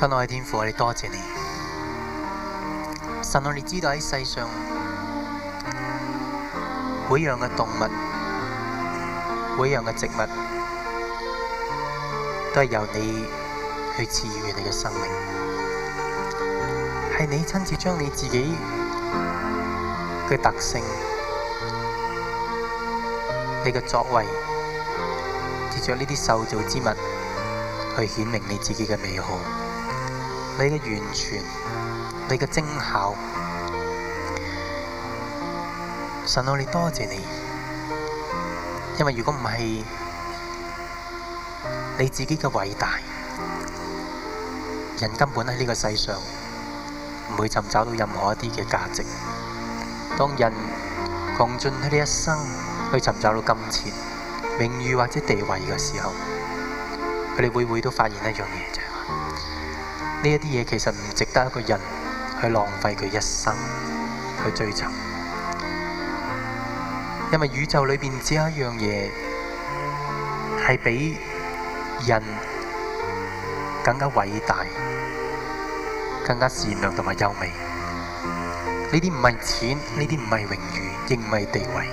親愛的天父，我哋多謝你。神我哋知道喺世上，每一樣嘅動物，每一樣嘅植物，都係由你去賜予你嘅生命。係你親自將你自己嘅特性、你嘅作為，藉着呢啲受造之物，去顯明你自己嘅美好。你嘅完全，你嘅精巧，神啊！你多謝你，因為如果唔係你自己嘅偉大，人根本喺呢個世上唔會尋找到任何一啲嘅價值。當人窮盡佢哋一生去尋找到金錢、名譽或者地位嘅時候，佢哋會唔會都發現一樣嘢？呢一啲嘢其實唔值得一個人去浪費佢一生去追尋，因為宇宙裏面只有一樣嘢係比人更加偉大、更加善良同埋優美。呢啲唔係錢，呢啲唔係榮譽，亦唔係地位，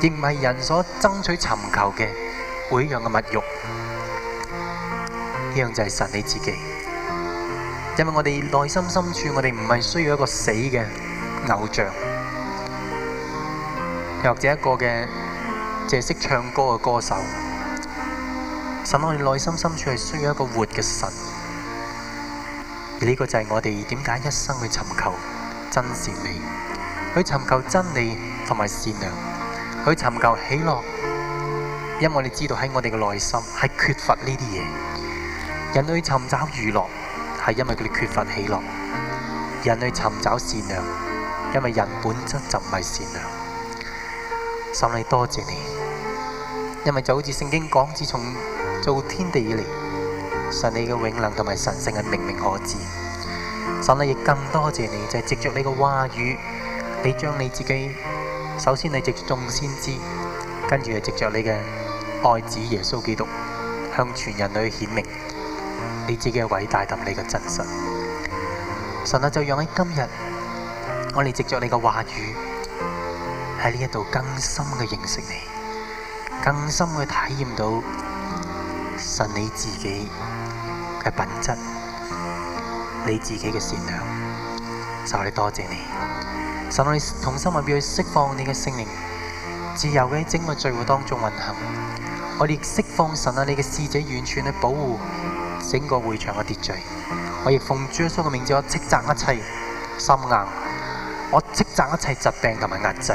亦唔係人所爭取尋求嘅每一樣嘅物欲。呢樣就係神你自己。因為我哋內心深處，我哋唔係需要一個死嘅偶像，又或者一個嘅淨係識唱歌嘅歌手，神我哋內心深處係需要一個活嘅神。而呢個就係我哋點解一生去尋求真善美，去尋求真理同埋善良，去尋求喜樂，因為你知道喺我哋嘅內心係缺乏呢啲嘢，人類尋找娛樂。係因為佢哋缺乏喜樂，人類尋找善良，因為人本質就唔係善良。神你多謝你，因為就好似聖經講，自從造天地以嚟，神你嘅永能同埋神性係明明可知。神你亦更多謝你，就係、是、藉着你嘅話語，你將你自己首先你藉住眾先知，跟住係藉着你嘅愛子耶穌基督，向全人類顯明。你自己嘅偉大同你嘅真實，神啊，就讓喺今日，我哋藉着你嘅話語，喺呢一度更深嘅認識你，更深嘅體驗到神你自己嘅品質，你自己嘅善良。就係多謝你，神啊，我哋同心啊，要釋放你嘅聖靈，自由嘅喺整個聚會當中運行。我哋釋放神啊，你嘅使者完全去保護。整個會場嘅秩序，我亦奉主耶穌嘅名字，我斥責一切心硬，我斥責一切疾病同埋壓制，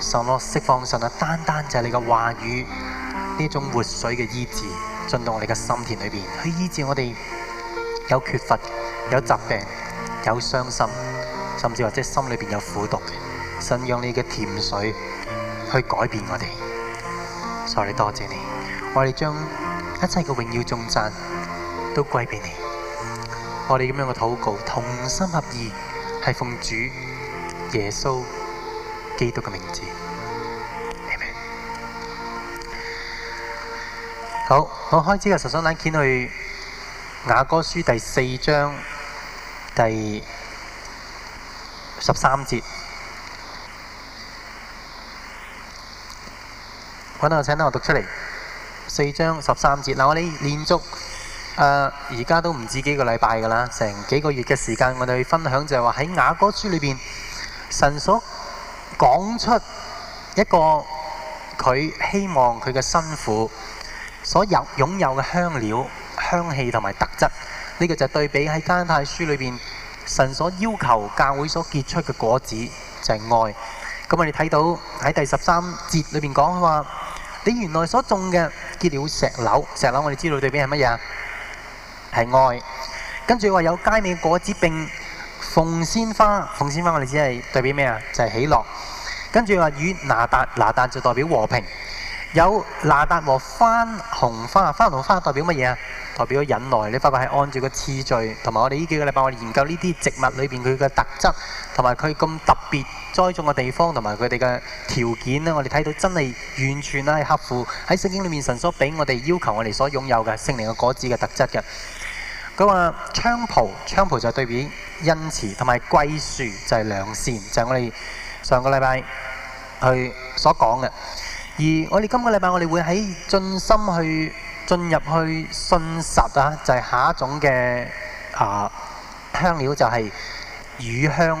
神啊，釋放神啊，單單就係你嘅話語呢種活水嘅醫治，進到我哋嘅心田裏邊，去醫治我哋有缺乏、有疾病、有傷心，甚至或者心裏邊有苦毒嘅，神用你嘅甜水去改變我哋。所以多謝你，我哋將。一切嘅榮耀重讚都歸畀你，我哋咁樣嘅禱告，同心合意，係奉主耶穌基督嘅名字。阿門。好，我開始嘅十三嚟，揭去雅歌書第四章第十三節。搵到請，我讀出嚟。四章十三節，嗱，我哋連續誒，而家都唔止幾個禮拜噶啦，成幾個月嘅時間，我哋去分享就係話喺雅歌書裏邊，神所講出一個佢希望佢嘅辛苦所有擁有嘅香料、香氣同埋特質，呢個就係對比喺加拉太書裏邊神所要求教會所結出嘅果子就係愛。咁我哋睇到喺第十三節裏邊講佢話你原來所種嘅，結了石榴，石榴我哋知道代表係乜嘢啊？係愛。跟住話有佳美果子並鳳仙花，鳳仙花我哋知係代表咩啊？就係、是、喜樂。跟住話與拿達，拿達就代表和平。有拿達和番紅花，番紅花代表乜嘢啊？代表忍耐。你發覺係按住個次序，同埋我哋呢幾個禮拜我哋研究呢啲植物裏邊佢嘅特質，同埋佢咁特別。栽種嘅地方同埋佢哋嘅條件咧，我哋睇到真係完全咧係合乎喺聖經裡面神所俾我哋要求我哋所擁有嘅聖靈嘅果子嘅特質嘅。佢話，菖蒲、菖蒲就是對比恩慈，同埋桂樹就係、是、良善，就係、是、我哋上個禮拜去所講嘅。而我哋今個禮拜我哋會喺盡心去進入去信實啊，就係、是、下一種嘅啊、呃、香料就係乳香。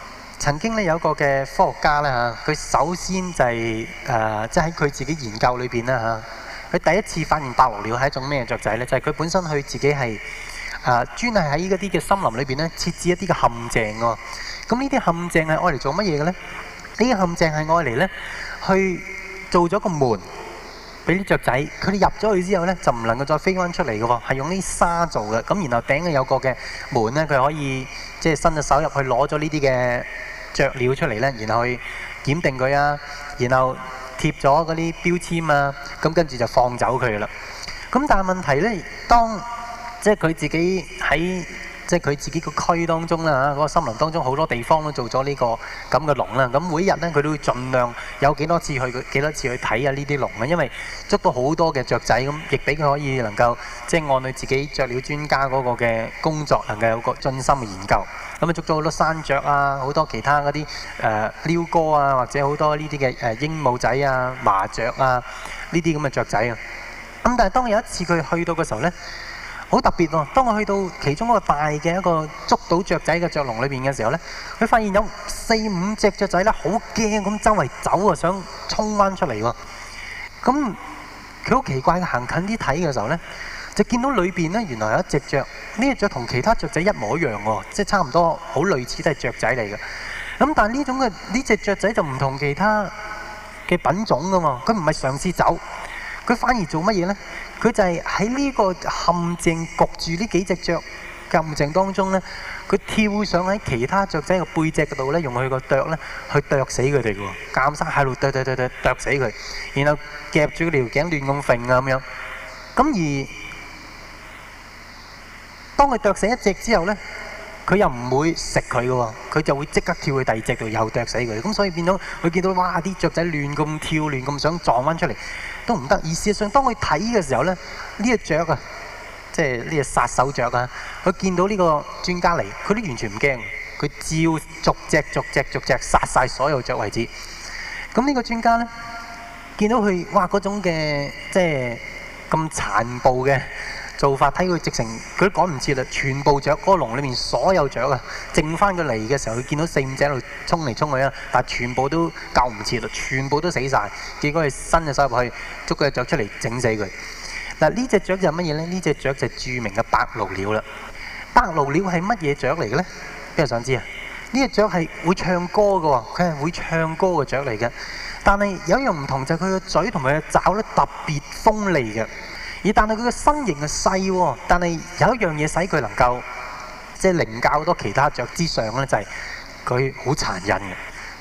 曾經咧有個嘅科學家咧嚇，佢首先就係誒，即係喺佢自己研究裏邊咧嚇，佢第一次發現白喉鳥係一種咩雀仔咧，就係佢本身佢自己係誒專係喺嗰啲嘅森林裏邊咧設置一啲嘅陷阱㗎。咁呢啲陷阱係愛嚟做乜嘢嘅咧？呢啲陷阱係愛嚟咧去做咗個門俾啲雀仔，佢哋入咗去之後咧就唔能夠再飛翻出嚟㗎喎，係用啲沙做嘅。咁然後頂嘅有個嘅門咧，佢可以即係伸隻手入去攞咗呢啲嘅。雀鳥出嚟咧，然後去檢定佢啊，然後貼咗嗰啲標籤啊，咁跟住就放走佢啦。咁但係問題咧，當即係佢自己喺即係佢自己個區當中啦，嗰個森林當中好多地方都做咗呢個咁嘅籠啦。咁每日咧，佢都會盡量有幾多次去幾多次去睇下呢啲籠啊，因為捉到好多嘅雀仔，咁亦俾佢可以能夠即係按佢自己雀鳥專家嗰個嘅工作，能夠有個進心嘅研究。咁啊，捉咗好多山雀啊，好多其他嗰啲誒鷯哥啊，或者好多呢啲嘅誒鸚鵡仔啊、麻雀啊呢啲咁嘅雀仔啊。咁、嗯、但係當有一次佢去到嘅時候呢，好特別喎、啊。當我去到其中一個大嘅一個捉到雀仔嘅雀籠裏邊嘅時候呢，佢發現有四五隻雀仔呢，好驚咁周圍走啊，想衝翻出嚟喎、啊。咁佢好奇怪，行近啲睇嘅時候呢，就見到裏邊呢，原來有一隻雀。呢隻雀同其他雀仔一模一樣喎，即係差唔多，好類似都係雀仔嚟嘅。咁但係呢種嘅呢隻雀仔就唔同其他嘅品種噶嘛，佢唔係嘗試走，佢反而做乜嘢呢？佢就係喺呢個陷阱焗住呢幾隻雀陷阱當中呢，佢跳上喺其他雀仔嘅背脊嗰度呢，用佢個啄呢去啄死佢哋喎，監生喺度啄啄啄啄啄死佢，然後夾住條頸亂咁揈啊咁樣。咁而當佢啄死一隻之後咧，佢又唔會食佢嘅喎，佢就會即刻跳去第二隻度又啄死佢。咁所以變咗佢見到哇啲雀仔亂咁跳、亂咁想撞翻出嚟都唔得。而事實上，當佢睇嘅時候咧，呢隻雀啊，即係呢隻殺手雀啊，佢見到呢個專家嚟，佢都完全唔驚。佢照逐隻、逐隻、逐隻殺晒所有雀為止。咁呢個專家咧，見到佢哇嗰種嘅即係咁殘暴嘅。做法睇佢直成，佢都趕唔切啦！全部雀，嗰個籠裏面所有雀啊，剩翻個嚟嘅時候，佢見到四五隻喺度衝嚟衝去啊，但係全部都救唔切啦，全部都死晒。結果佢伸隻手入去捉佢個雀出嚟，整死佢。嗱，呢隻雀就乜嘢咧？呢隻雀就係著名嘅白鷺鳥啦。白鷺鳥係乜嘢雀嚟嘅咧？邊個想知啊？呢隻雀係會唱歌嘅喎，佢係會唱歌嘅雀嚟嘅。但係有一樣唔同就係佢嘅嘴同埋嘅爪咧，特別鋒利嘅。而但係佢嘅身形係細，但係有一樣嘢使佢能夠即係凌駕好多其他雀之上咧，就係佢好殘忍嘅，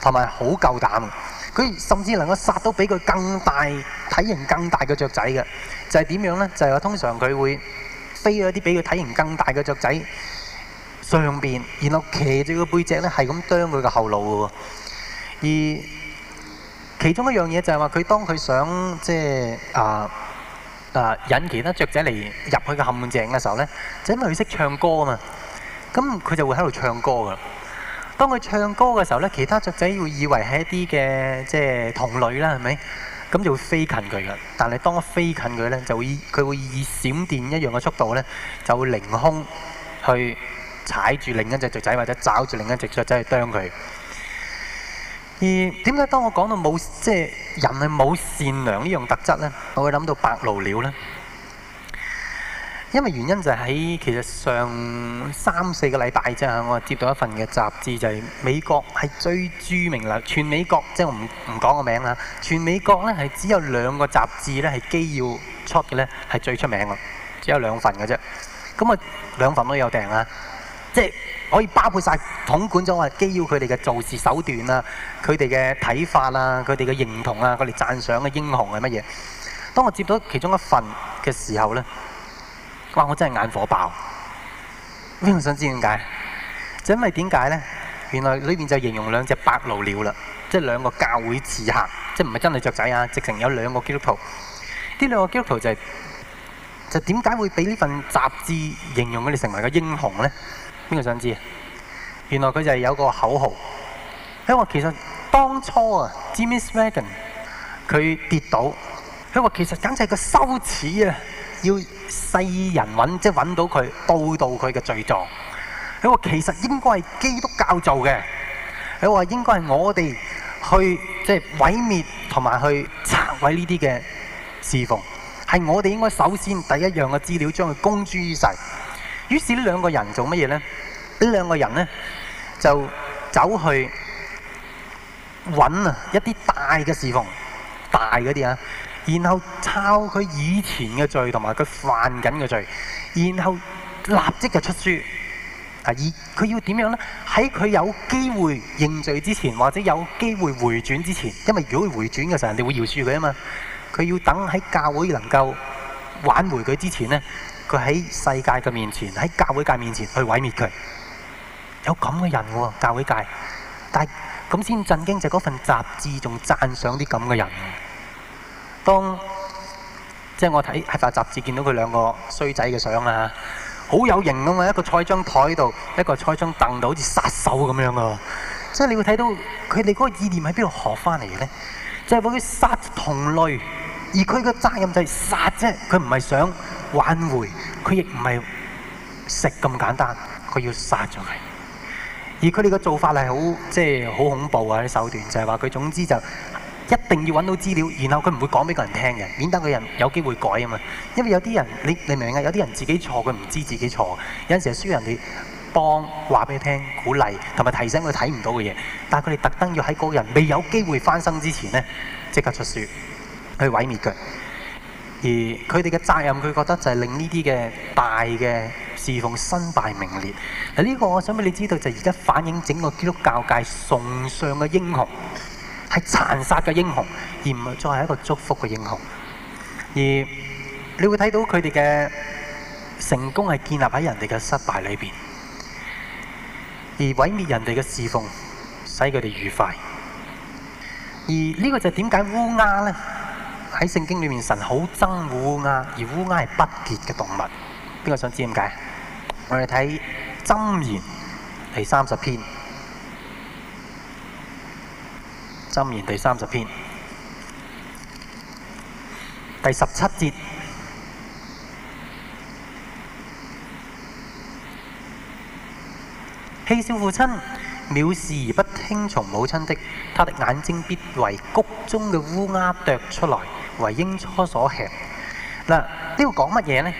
同埋好夠膽嘅。佢甚至能夠殺到比佢更大、體型更大嘅雀仔嘅。就係點樣咧？就係話通常佢會飛喺啲比佢體型更大嘅雀仔上邊，然後騎住個背脊咧，係咁啄佢嘅後腦喎。而其中一樣嘢就係話佢當佢想即係啊～，呃引其他雀仔嚟入去個陷阱嘅時候呢，就是、因為佢識唱歌啊嘛，咁佢就會喺度唱歌噶。當佢唱歌嘅時候呢，其他雀仔會以為係一啲嘅即係同類啦，係咪？咁就會飛近佢噶。但係當飛近佢呢，就會佢會以閃電一樣嘅速度呢，就會凌空去踩住另一隻雀仔或者抓住另一隻雀仔去啄佢。而點解當我講到冇即係人係冇善良呢樣特質呢，我會諗到白鷺鳥呢，因為原因就喺其實上三四個禮拜啫，我接到一份嘅雜誌，就係美國係最著名啦，全美國即係我唔唔講個名啦，全美國呢係只有兩個雜誌呢係機要出嘅呢，係最出名嘅，只有兩份嘅啫。咁啊，兩份都有訂啊，即係。可以包覆晒統管咗我係基於佢哋嘅做事手段啊，佢哋嘅睇法啊，佢哋嘅認同啊，佢哋讚賞嘅英雄係乜嘢？當我接到其中一份嘅時候咧，哇！我真係眼火爆。你想知點解？就因為點解咧？原來裏邊就形容兩隻白鷺鳥啦，即係兩個教會自客，即係唔係真係雀仔啊？直情有兩個基督徒，呢兩個基督徒就係就點解會俾呢份雜誌形容佢哋成為個英雄咧？邊個想知啊？原來佢就係有個口號。佢話其實當初啊，James Reagan 佢跌倒，佢話其實簡直係個羞恥啊！要世人揾，即係揾到佢，報道佢嘅罪狀。佢話其實應該係基督教做嘅。佢話應該係我哋去即係毀滅同埋去拆毀呢啲嘅侍奉，係我哋應該首先第一樣嘅資料將佢公諸於世。於是呢兩個人做乜嘢咧？呢兩個人咧，就走去揾啊一啲大嘅事奉，大嗰啲啊，然後抄佢以前嘅罪同埋佢犯緊嘅罪，然後立即就出書啊！以佢要點樣咧？喺佢有機會認罪之前，或者有機會回轉之前，因為如果佢回轉嘅時候人哋會饒恕佢啊嘛，佢要等喺教會能夠挽回佢之前咧，佢喺世界嘅面前，喺教會界面前去毀滅佢。有咁嘅人喎，教會界，但係咁先震驚就嗰、是、份雜誌仲讚賞啲咁嘅人。當即係、就是、我睇喺份雜誌見到佢兩個衰仔嘅相啊，好有型啊嘛！一個坐喺張台度，一個坐喺張凳度，好似殺手咁樣噶。即係你會睇到佢哋嗰個意念喺邊度學翻嚟嘅咧？即係會殺同類，而佢嘅責任就係殺啫。佢唔係想挽回，佢亦唔係食咁簡單，佢要殺咗佢。而佢哋嘅做法係好即係好恐怖啊！啲手段就係話佢總之就一定要揾到資料，然後佢唔會講俾個人聽嘅，免得個人有機會改啊嘛。因為有啲人你你明唔明啊？有啲人自己錯，佢唔知自己錯。有陣時係需要人哋幫話俾佢聽、鼓勵同埋提醒佢睇唔到嘅嘢。但係佢哋特登要喺嗰個人未有機會翻身之前呢，即刻出書去毀滅佢。而佢哋嘅責任，佢覺得就係令呢啲嘅大嘅。侍奉身敗名裂，嗱、這、呢個我想俾你知道，就而家反映整個基督教界崇尚嘅英雄係殘殺嘅英雄，而唔再係一個祝福嘅英雄。而你會睇到佢哋嘅成功係建立喺人哋嘅失敗裏邊，而毀滅人哋嘅侍奉，使佢哋愉快。而呢個就點解烏鴉呢？喺聖經裏面，神好憎烏鴉，而烏鴉係不潔嘅動物。邊個想知點解？我哋睇《箴言》第三十篇，《箴言》第三十篇，第十七節：戲笑父親、藐視而不聽從母親的，他的眼睛必為谷中嘅烏鴉啄出來，為鷹雛所吃。嗱，呢度講乜嘢呢？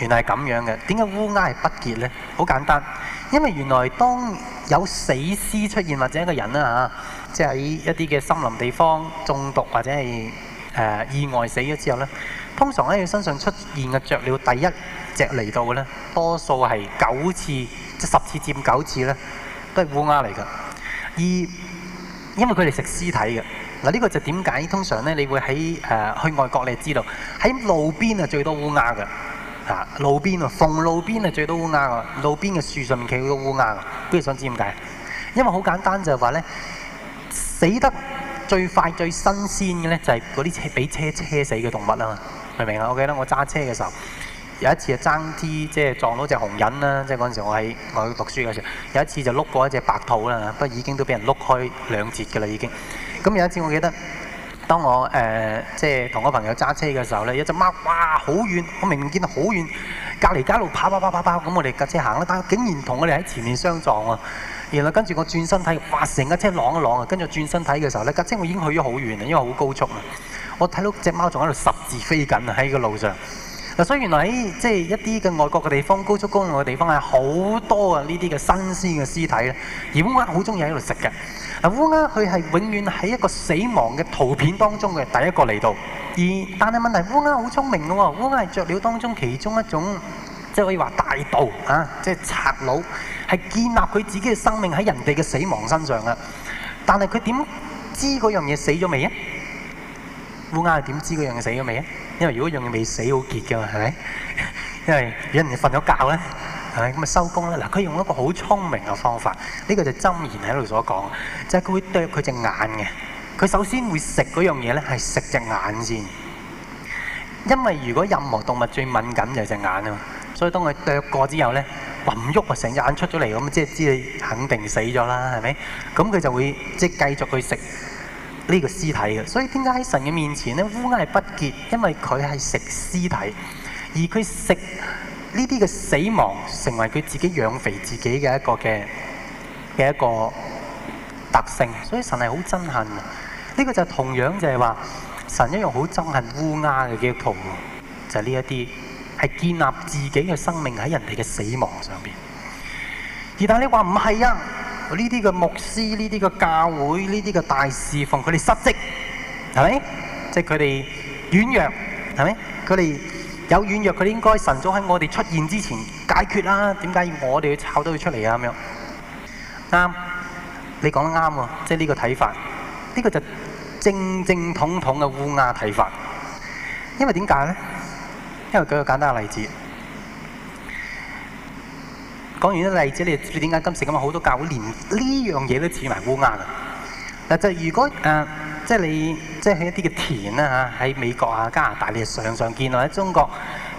原來係咁樣嘅，點解烏鴉係不潔呢？好簡單，因為原來當有死屍出現或者一個人啦即係喺一啲嘅森林地方中毒或者係誒、呃、意外死咗之後呢，通常喺佢身上出現嘅雀鳥第一隻嚟到嘅呢，多數係九次即十次佔九次呢，都係烏鴉嚟㗎。二，因為佢哋食屍體嘅嗱，呢、呢個就點解通常呢，你會喺誒、呃、去外國你就知道喺路邊係最多烏鴉㗎。啊！路邊啊，逢路邊啊，最多烏鴉啊，路邊嘅樹上面企好多烏鴉啊！不如想知點解？因為好簡單，就係話咧，死得最快最新鮮嘅咧，就係嗰啲車俾車車死嘅動物啊嘛！明唔明啊？我記得我揸車嘅時候，有一次啊，爭啲即係撞到隻熊人啦！即係嗰陣時我，我喺我去讀書嘅時候，有一次就碌過一隻白兔啦，不過已經都俾人碌開兩截㗎啦，已經。咁有一次我記得。當我誒即係同我朋友揸車嘅時候呢，一隻貓，哇，好遠，我明明見到好遠，隔離街路跑跑跑跑跑，咁我哋架車行咧，但係竟然同我哋喺前面相撞啊。然後跟住我轉身睇，哇，成架車啷一啷啊！跟住轉身睇嘅時候呢，架車我已經去咗好遠啦，因為好高速啊。我睇到隻貓仲喺度十字飛緊啊，喺個路上。嗱，所以原來喺即係一啲嘅外國嘅地方，高速公路嘅地方係好多啊，呢啲嘅新鮮嘅屍體咧，野貓好中意喺度食嘅。嗱，烏鴉佢係永遠喺一個死亡嘅圖片當中嘅第一個嚟到而，而但係問題烏鴉好聰明嘅喎，烏鴉係、哦、雀鳥當中其中一種，即係可以話大盜，啊，即係賊佬，係建立佢自己嘅生命喺人哋嘅死亡身上嘅。但係佢點知嗰樣嘢死咗未啊？烏鴉係點知嗰樣嘢死咗未啊？因為如果樣嘢未死好結㗎，嘛，係咪？因為人哋瞓咗覺咧。係咁啊，收工啦！嗱，佢用一個好聰明嘅方法，呢個就箴言喺度所講，即係佢會啄佢隻眼嘅。佢首先會食嗰樣嘢咧，係食隻眼先。因為如果任何動物最敏感就係隻眼啊嘛，所以當佢啄過之後咧，暈喐啊，成隻眼出咗嚟，咁即係知你肯定死咗啦，係咪？咁佢就會即係繼續去食呢個屍體嘅。所以點解喺神嘅面前咧，烏鴉係不潔？因為佢係食屍體，而佢食。呢啲嘅死亡成為佢自己養肥自己嘅一個嘅嘅一個特性，所以神係好憎恨。呢個就同樣就係話神一樣好憎恨烏鴉嘅基督徒，就係呢一啲係建立自己嘅生命喺人哋嘅死亡上邊。而但係你話唔係啊？呢啲嘅牧師、呢啲嘅教會、呢啲嘅大事奉，佢哋失職係咪？即係佢哋軟弱係咪？佢哋。有軟弱佢應該神早喺我哋出現之前解決啦，點解要我哋要炒到佢出嚟啊？咁樣，啱，你講得啱喎，即係呢個睇法，呢個就正正統統嘅烏鴉睇法。因為點解咧？因為舉個簡單嘅例子，講完啲例子，你哋知點解今時今日好多教會連呢樣嘢都似埋烏鴉啊？嗱，就係如果誒。呃即係你，即係一啲嘅田啦嚇，喺美國啊、加拿大，你常常見到；喺中國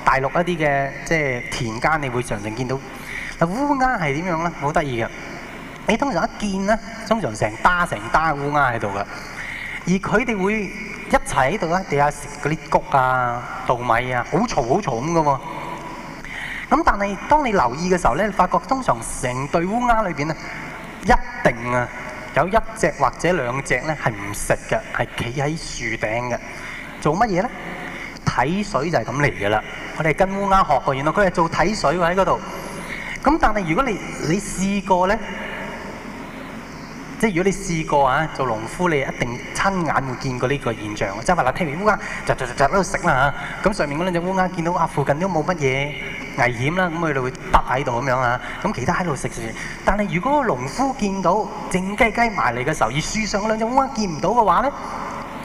大陸一啲嘅即係田間，你會常常見到。嗱，烏鴉係點樣咧？好得意嘅，你通常一見咧，通常成打成打烏鴉喺度嘅，而佢哋會一齊喺度咧，地下食嗰啲谷啊、稻米啊，好嘈好嘈咁嘅。咁但係當你留意嘅時候咧，你發覺通常成對烏鴉裏邊咧，一定啊～有一隻或者兩隻咧係唔食嘅，係企喺樹頂嘅，做乜嘢咧？睇水就係咁嚟嘅啦。我哋跟烏鴉學過，原來佢係做睇水喎喺嗰度。咁但係如果你你試過咧，即係如果你試過啊，做農夫你一定親眼會見過呢個現象。即係話，聽完烏鴉就就就就喺度食啦嚇。咁上面嗰兩隻烏鴉見到啊，附近都冇乜嘢。危險啦！咁佢哋會搭喺度咁樣啊，咁其他喺度食樹。但係如果個農夫見到靜雞雞埋嚟嘅時候，而樹上嗰兩隻烏鴉見唔到嘅話咧，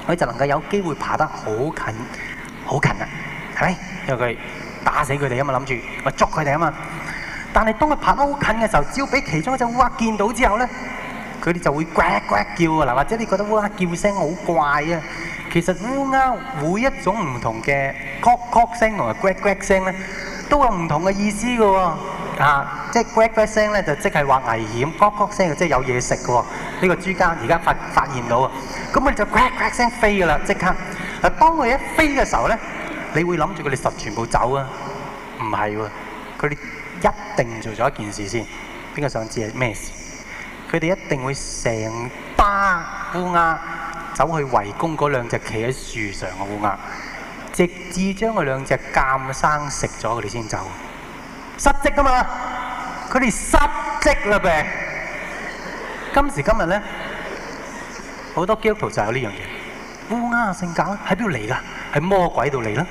佢就能夠有機會爬得好近，好近啊！係咪因為佢打死佢哋啊嘛，諗住我捉佢哋啊嘛。但係當佢爬得好近嘅時候，只要俾其中一隻烏鴉見到之後咧，佢哋就會呱呱叫啊嗱，或者你覺得烏鴉叫聲好怪啊。其實烏鴉、嗯啊、每一種唔同嘅鶴鶴聲同埋呱呱聲咧，都有唔同嘅意思嘅喎、哦，啊，即係呱呱聲咧，就即係話危險，嗰嗰聲嘅即係有嘢食嘅喎、哦。呢、這個豬家而家發發現到啊，咁佢哋就呱呱聲飛嘅啦，即刻。啊，當佢一飛嘅時候咧，你會諗住佢哋十全部走啊？唔係喎，佢哋一定做咗一件事先。邊個想知係咩事？佢哋一定會成班烏鴉走去圍攻嗰兩隻企喺樹上嘅烏鴉。直至將佢兩隻鴿生食咗佢哋先走，失職啊嘛！佢哋失職嘞唄。今時今日咧，好多基督徒就有呢樣嘢，烏鴉性格喺邊度嚟噶？喺魔鬼度嚟啦！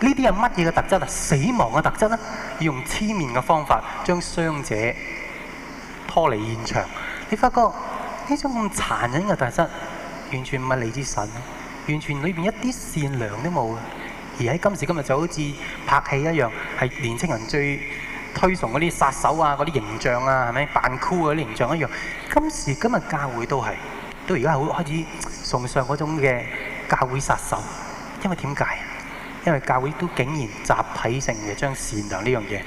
呢啲係乜嘢嘅特質啊？死亡嘅特質啦！要用黐面嘅方法將傷者拖離現場。你發覺呢種咁殘忍嘅特質，完全唔係你之神。完全裏面一啲善良都冇嘅，而喺今時今日就好似拍戲一樣，係年輕人最推崇嗰啲殺手啊、嗰啲形象啊，係咪扮酷嗰啲形象一樣？今時今日教會都係，都而家係好開始崇尚嗰種嘅教會殺手，因為點解？因為教會都竟然集體性嘅將善良呢樣嘢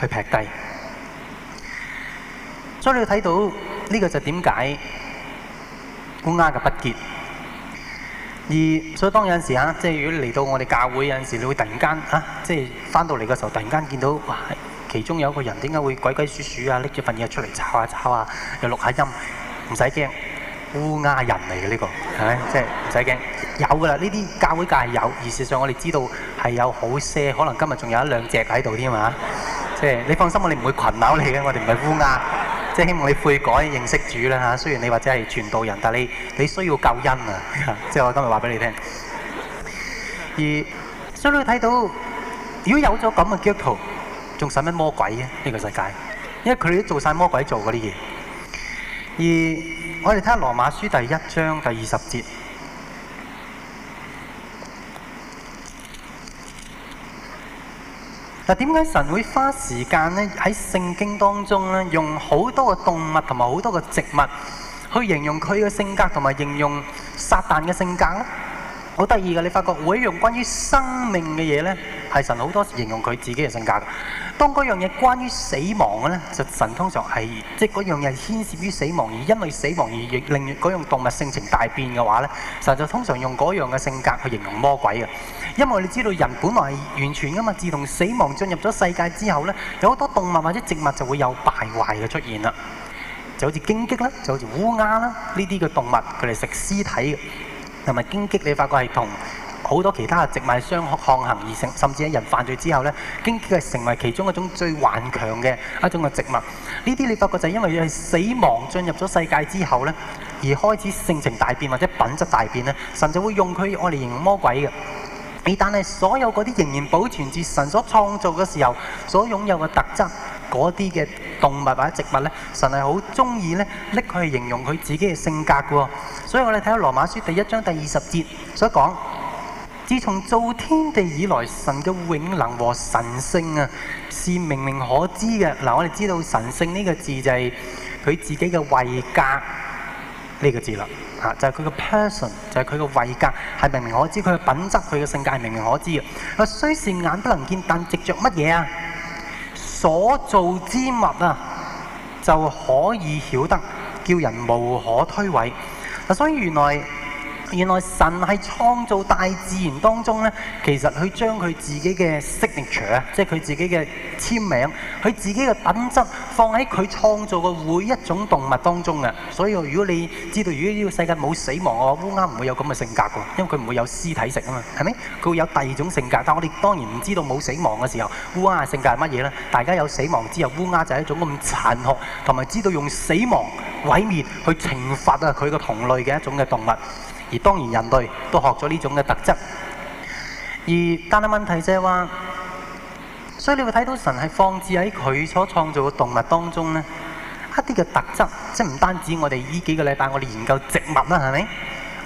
去劈低，所以你睇到呢個就點解？烏鴉嘅不潔，而所以當有陣時嚇、啊，即係如果嚟到我哋教會有陣時，你會突然間嚇、啊，即係返到嚟嘅時候，突然間見到哇，其中有一個人點解會鬼鬼祟祟祟啊？拎住份嘢出嚟炒下炒啊，又錄下音，唔使驚，烏鴉人嚟嘅呢個係咪？即係唔使驚，有㗎喇，呢啲教會梗係有，而事實上我哋知道係有好些，可能今日仲有一兩隻喺度添啊！ 即係你放心，我哋唔會群毆你嘅，我哋唔係烏鴉。即係希望你悔改認識主啦嚇，雖然你或者係傳道人，但係你你需要救恩啊！即係我今日話俾你聽。而所以你睇到，如果有咗咁嘅教徒，仲使乜魔鬼嘅呢個世界？因為佢哋都做晒魔鬼做嗰啲嘢。而我哋睇下羅馬書第一章第二十節。嗱，點解神會花時間咧喺聖經當中咧，用好多個動物同埋好多個植物去形容佢嘅性格同埋形容撒旦嘅性格咧？好得意㗎！你發覺每一樣關於生命嘅嘢呢，係神好多時形容佢自己嘅性格的；當嗰樣嘢關於死亡嘅呢，就神通常係即係嗰樣嘢係牽涉於死亡而因為死亡而令嗰樣動物性情大變嘅話呢，神就通常用嗰樣嘅性格去形容魔鬼嘅。因為你知道人本來係完全㗎嘛，自從死亡進入咗世界之後呢，有好多動物或者植物就會有敗壞嘅出現啦。就好似荊棘啦，就好似烏鴉啦，呢啲嘅動物佢哋食屍體嘅，同埋荊棘你發覺係同好多其他嘅植物相抗衡，而甚甚至係人犯罪之後呢，荊棘係成為其中一種最頑強嘅一種嘅植物。呢啲你發覺就係因為死亡進入咗世界之後呢，而開始性情大變或者品質大變呢，甚至會用佢嚟形容魔鬼嘅。你但係所有嗰啲仍然保存住神所創造嘅時候所擁有嘅特質，嗰啲嘅動物或者植物，神係好中意呢，拎佢去形容佢自己嘅性格嘅。所以我哋睇到《羅馬書》第一章第二十節所講：自從造天地以來，神嘅永能和神性啊，是明明可知嘅。嗱，我哋知道神性呢個字就係佢自己嘅位格。呢個字啦，嚇就係佢個 person，就係佢個位格，係明明可知佢嘅品質，佢嘅性格係明明可知嘅。啊，雖是眼不能見，但藉著乜嘢啊？所造之物啊，就可以曉得，叫人無可推諉。啊，所以原來。原來神喺創造大自然當中呢，其實佢將佢自己嘅 signature，即係佢自己嘅簽名，佢自己嘅品質放喺佢創造嘅每一種動物當中啊，所以，如果你知道如果呢個世界冇死亡嘅話，烏鴉唔會有咁嘅性格嘅，因為佢唔會有屍體食啊嘛，係咪？佢會有第二種性格。但我哋當然唔知道冇死亡嘅時候，烏鴉嘅性格係乜嘢呢？大家有死亡之後，烏鴉就係一種咁殘酷，同埋知道用死亡毀滅去懲罰啊佢嘅同類嘅一種嘅動物。而當然人類都學咗呢種嘅特質，而但係問題就係話，所以你會睇到神係放置喺佢所創造嘅動物當中呢一啲嘅特質，即係唔單止我哋呢幾個禮拜我哋研究植物啦，係咪？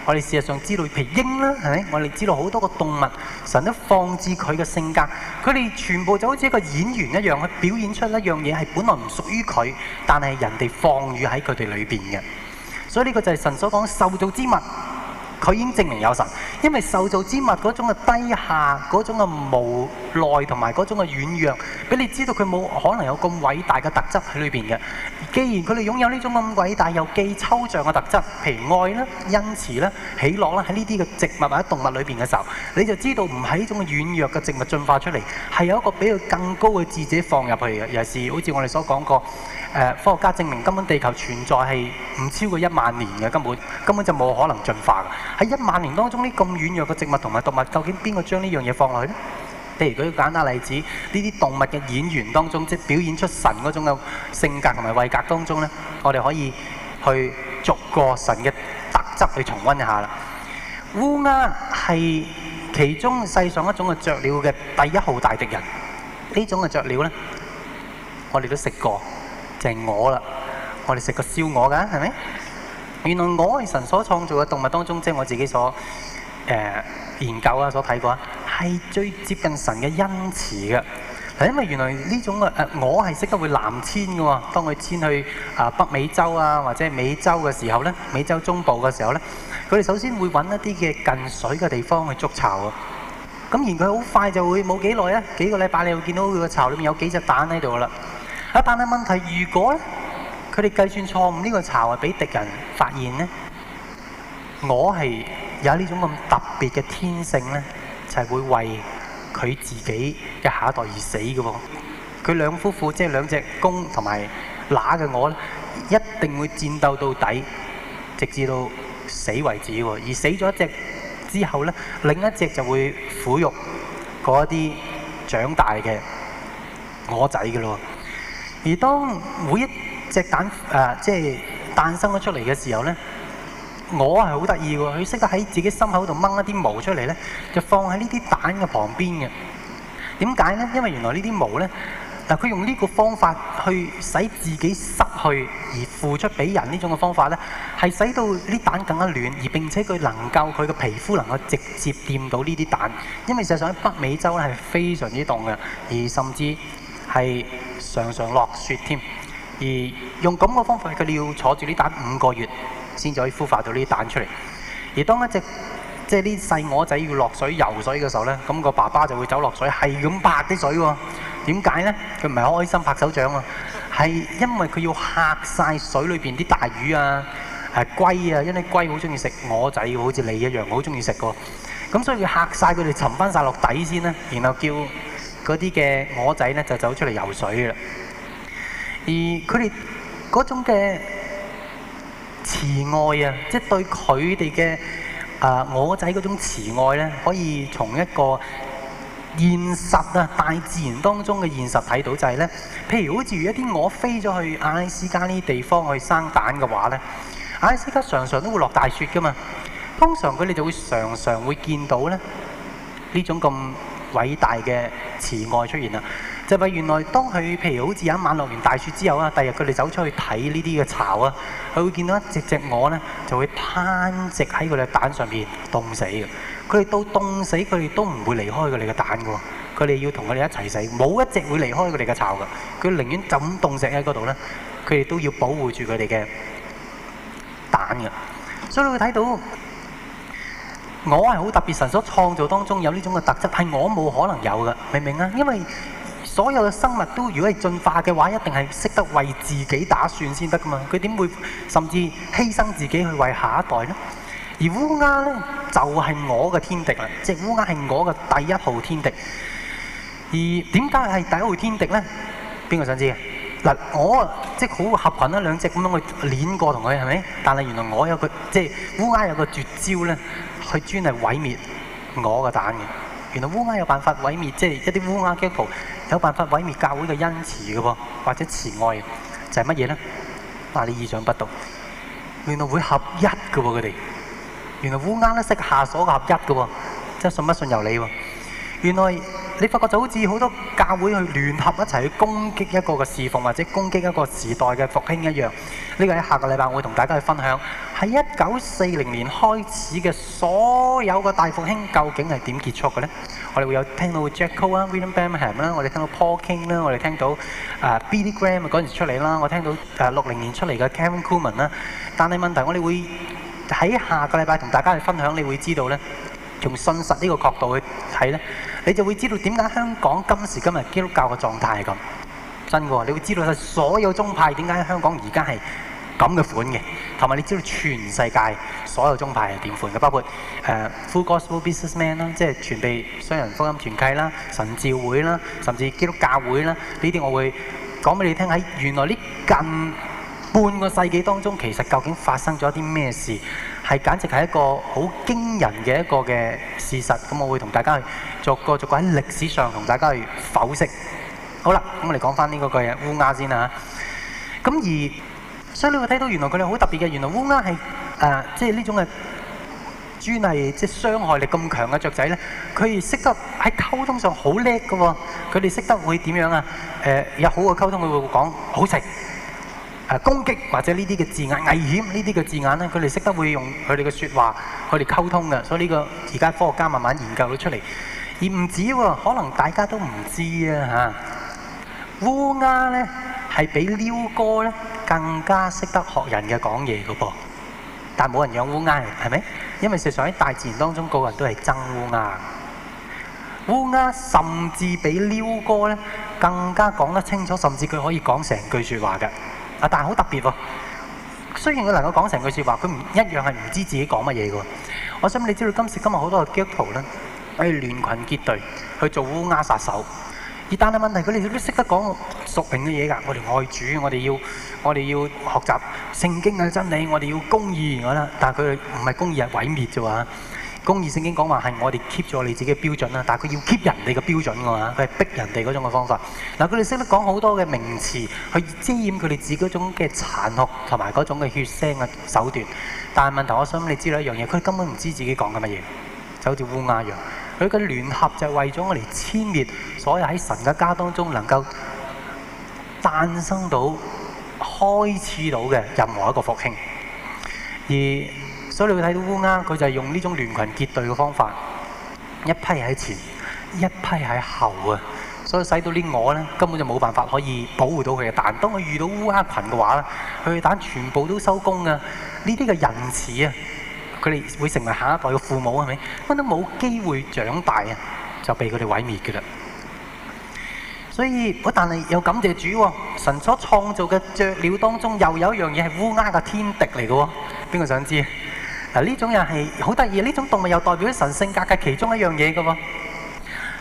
我哋事實上知道皮鷹，譬如鷹啦，係咪？我哋知道好多個動物，神都放置佢嘅性格，佢哋全部就好似一個演員一樣去表演出一樣嘢，係本來唔屬於佢，但係人哋放於喺佢哋裏邊嘅。所以呢個就係神所講受造之物。佢已經證明有神，因為受造之物嗰種嘅低下、嗰種嘅無奈同埋嗰種嘅軟弱，俾你知道佢冇可能有咁偉大嘅特質喺裏邊嘅。既然佢哋擁有呢種咁偉大又既抽象嘅特質，譬如愛啦、恩慈啦、喜樂啦，喺呢啲嘅植物或者動物裏邊嘅時候，你就知道唔係呢種軟弱嘅植物進化出嚟，係有一個比佢更高嘅智者放入去嘅，尤其係好似我哋所講過。科學家證明根本地球存在係唔超過一萬年嘅，根本根本就冇可能進化嘅。喺一萬年當中，呢咁軟弱嘅植物同埋動物，究竟邊個將呢樣嘢放落去呢？譬如舉個簡單例子，呢啲動物嘅演員當中，即係表演出神嗰種嘅性格同埋位格當中呢，我哋可以去逐個神嘅特質去重溫一下啦。烏鴉係其中世上一種嘅雀鳥嘅第一號大敵人，呢種嘅雀鳥呢，我哋都食過。係鵝啦，我哋食過燒鵝噶，係咪？原來鵝係神所創造嘅動物當中，即係我自己所誒研究啊、所睇過啊，係最接近神嘅恩慈嘅。係因為原來呢種啊，鵝係識得會南遷嘅喎。當佢遷去啊北美洲啊或者美洲嘅時候咧，美洲中部嘅時候咧，佢哋首先會揾一啲嘅近水嘅地方去築巢啊。咁然，佢好快就會冇幾耐啊，幾個禮拜你會見到佢個巢裏面有幾隻蛋喺度啦。但係問題係，如果咧佢哋計算錯誤，呢個巢啊俾敵人發現呢，我係有呢種咁特別嘅天性呢就係、是、會為佢自己嘅下一代而死嘅喎。佢兩夫婦即係兩隻公同埋乸嘅我咧，一定會戰鬥到底，直至到死為止喎。而死咗一隻之後呢，另一隻就會撫育嗰一啲長大嘅我仔嘅咯。而當每一隻蛋誒、呃、即係誕生咗出嚟嘅時候呢，我係好得意喎，佢識得喺自己心口度掹一啲毛出嚟呢就放喺呢啲蛋嘅旁邊嘅。點解呢？因為原來呢啲毛呢，嗱佢用呢個方法去使自己失去而付出俾人呢種嘅方法呢，係使到啲蛋更加暖，而並且佢能夠佢嘅皮膚能夠直接掂到呢啲蛋，因為實際上喺北美洲呢，係非常之凍嘅，而甚至。係常常落雪添，而用咁個方法，佢哋要坐住啲蛋五個月，先至可以孵化到呢啲蛋出嚟。而當一隻即係啲細鵝仔要落水游水嘅時候呢，咁個爸爸就會走落水，係咁拍啲水喎。點解呢？佢唔係開心拍手掌啊，係因為佢要嚇晒水裏邊啲大魚啊、誒龜啊，因為龜好中意食鵝仔，好似你一樣，好中意食喎。咁所以要嚇晒佢哋沉翻晒落底先啦，然後叫。嗰啲嘅鵝仔咧就走出嚟游水啦，而佢哋嗰種嘅慈愛啊，即、就、係、是、對佢哋嘅啊鵝仔嗰種慈愛咧，可以從一個現實啊大自然當中嘅現實睇到，就係、是、咧，譬如好似如一啲鵝飛咗去阿拉斯加呢啲地方去生蛋嘅話咧，阿拉斯加常常都會落大雪㗎嘛，通常佢哋就會常常會見到咧呢這種咁。偉大嘅慈愛出現啦！就係、是、原來當佢譬如好似有一晚落完大雪之後啊，第日佢哋走出去睇呢啲嘅巢啊，佢會見到一隻隻鵝呢就會攤直喺佢哋蛋上面凍死嘅。佢哋到凍死佢哋都唔會離開佢哋嘅蛋嘅喎。佢哋要同佢哋一齊死，冇一隻會離開佢哋嘅巢嘅。佢寧願枕凍死喺嗰度咧，佢哋都要保護住佢哋嘅蛋嘅。所以你會睇到。我係好特別，神所創造當中有呢種嘅特質，係我冇可能有嘅，明唔明啊？因為所有嘅生物都如果係進化嘅話，一定係識得為自己打算先得噶嘛。佢點會甚至犧牲自己去為下一代呢？而烏鴉呢，就係、是、我嘅天敵啦，隻、就是、烏鴉係我嘅第一號天敵。而點解係第一號天敵呢？邊個想知啊？嗱，我即係好合群啦，兩隻咁樣去攣過同佢係咪？但係原來我有個即係、就是、烏鴉有個絕招呢。佢專係毀滅我嘅蛋嘅，原來烏鴉有辦法毀滅，即係一啲烏鴉 group 有辦法毀滅教會嘅恩慈嘅喎，或者慈愛嘅就係乜嘢咧？嗱，你意想不到，原來會合一嘅喎佢哋，原來烏鴉都識下鎖合一嘅喎，即係信不信由你喎，原來。你發覺就好似好多教會去聯合一齊去攻擊一個嘅侍奉，或者攻擊一個時代嘅復興一樣。呢個喺下個禮拜我會同大家去分享。喺一九四零年開始嘅所有嘅大復興，究竟係點結束嘅呢？我哋會有聽到 Jacko 啊，William b Ham 啦，我哋聽到 Paul King 啦，我哋聽到 Billy Graham 嗰陣時出嚟啦，我聽到六零年出嚟嘅 Kevin Kuhlman 啦。但係問題，我哋會喺下個禮拜同大家去分享，你會知道呢，從信實呢個角度去睇呢。你就會知道點解香港今時今日基督教嘅狀態係咁真嘅喎、哦。你會知道就是所有宗派點解喺香港而家係咁嘅款嘅，同埋你知道全世界所有宗派係點款嘅，包括誒、呃、Full Gospel Businessman 啦、啊，即係傳遞商人福音團契啦、啊、神召會啦、啊、甚至基督教會啦呢啲。啊、這我會講俾你聽，喺原來呢近半個世紀當中，其實究竟發生咗啲咩事係，是簡直係一個好驚人嘅一個嘅事實。咁我會同大家去。逐個逐個喺歷史上同大家去剖析。好啦，咁我哋講翻呢個句嘢烏鴉先啊。咁而所以你會睇到原來佢哋好特別嘅，原來烏鴉係誒即係呢種嘅專係即係傷害力咁強嘅雀仔咧，佢哋識得喺溝通上好叻㗎喎。佢哋識得會點樣啊？誒、呃、有好嘅溝通，佢會講好食、誒、呃、攻擊或者呢啲嘅字眼、危險呢啲嘅字眼咧，佢哋識得會用佢哋嘅説話，去哋溝通嘅。所以呢個而家科學家慢慢研究到出嚟。而唔止喎，可能大家都唔知啊嚇。烏鴉咧係比鷯哥咧更加識得學人嘅講嘢嘅噃，但冇人養烏鴉，係咪？因為事實上喺大自然當中，個個人都係憎烏鴉。烏鴉甚至比鷯哥咧更加講得清楚，甚至佢可以講成句説話嘅。啊，但係好特別喎。雖然佢能夠講成句説話，佢唔一樣係唔知自己講乜嘢嘅。我想你知道今時今日好多嘅基督徒咧。佢聯群結隊去做烏鴉殺手，而但係問題，佢哋都識得講屬靈嘅嘢㗎。我哋愛主，我哋要我哋要學習聖經嘅真理，我哋要公義，我覺得。但係佢唔係公義，係毀滅啫嘛。公義聖經講話係我哋 keep 咗你自己嘅標準啦，但係佢要 keep 人哋嘅標準㗎嘛，佢係逼人哋嗰種嘅方法。嗱，佢哋識得講好多嘅名詞去遮掩佢哋自己嗰種嘅殘酷同埋嗰種嘅血腥嘅手段。但係問題，我想你知道一樣嘢，佢根本唔知自己講緊乜嘢。就好似烏鴉一樣，佢嘅聯合就係為咗我哋殲滅，所有喺神嘅家當中能夠誕生到、開始到嘅任何一個復興。而所以你會睇到烏鴉，佢就係用呢種聯群結隊嘅方法，一批喺前，一批喺後啊，所以使到啲鵝呢，根本就冇辦法可以保護到佢嘅蛋。但係當佢遇到烏鴉群嘅話呢，佢嘅蛋全部都收工啊！呢啲嘅仁慈啊！佢哋會成為下一代嘅父母係咪？都冇機會長大啊，就被佢哋毀滅嘅啦。所以我但係有感謝主喎，神所創造嘅雀鳥當中又有一樣嘢係烏鴉嘅天敵嚟嘅喎。邊個想知啊？嗱，呢種又係好得意，呢種動物又代表神性格嘅其中一樣嘢嘅喎。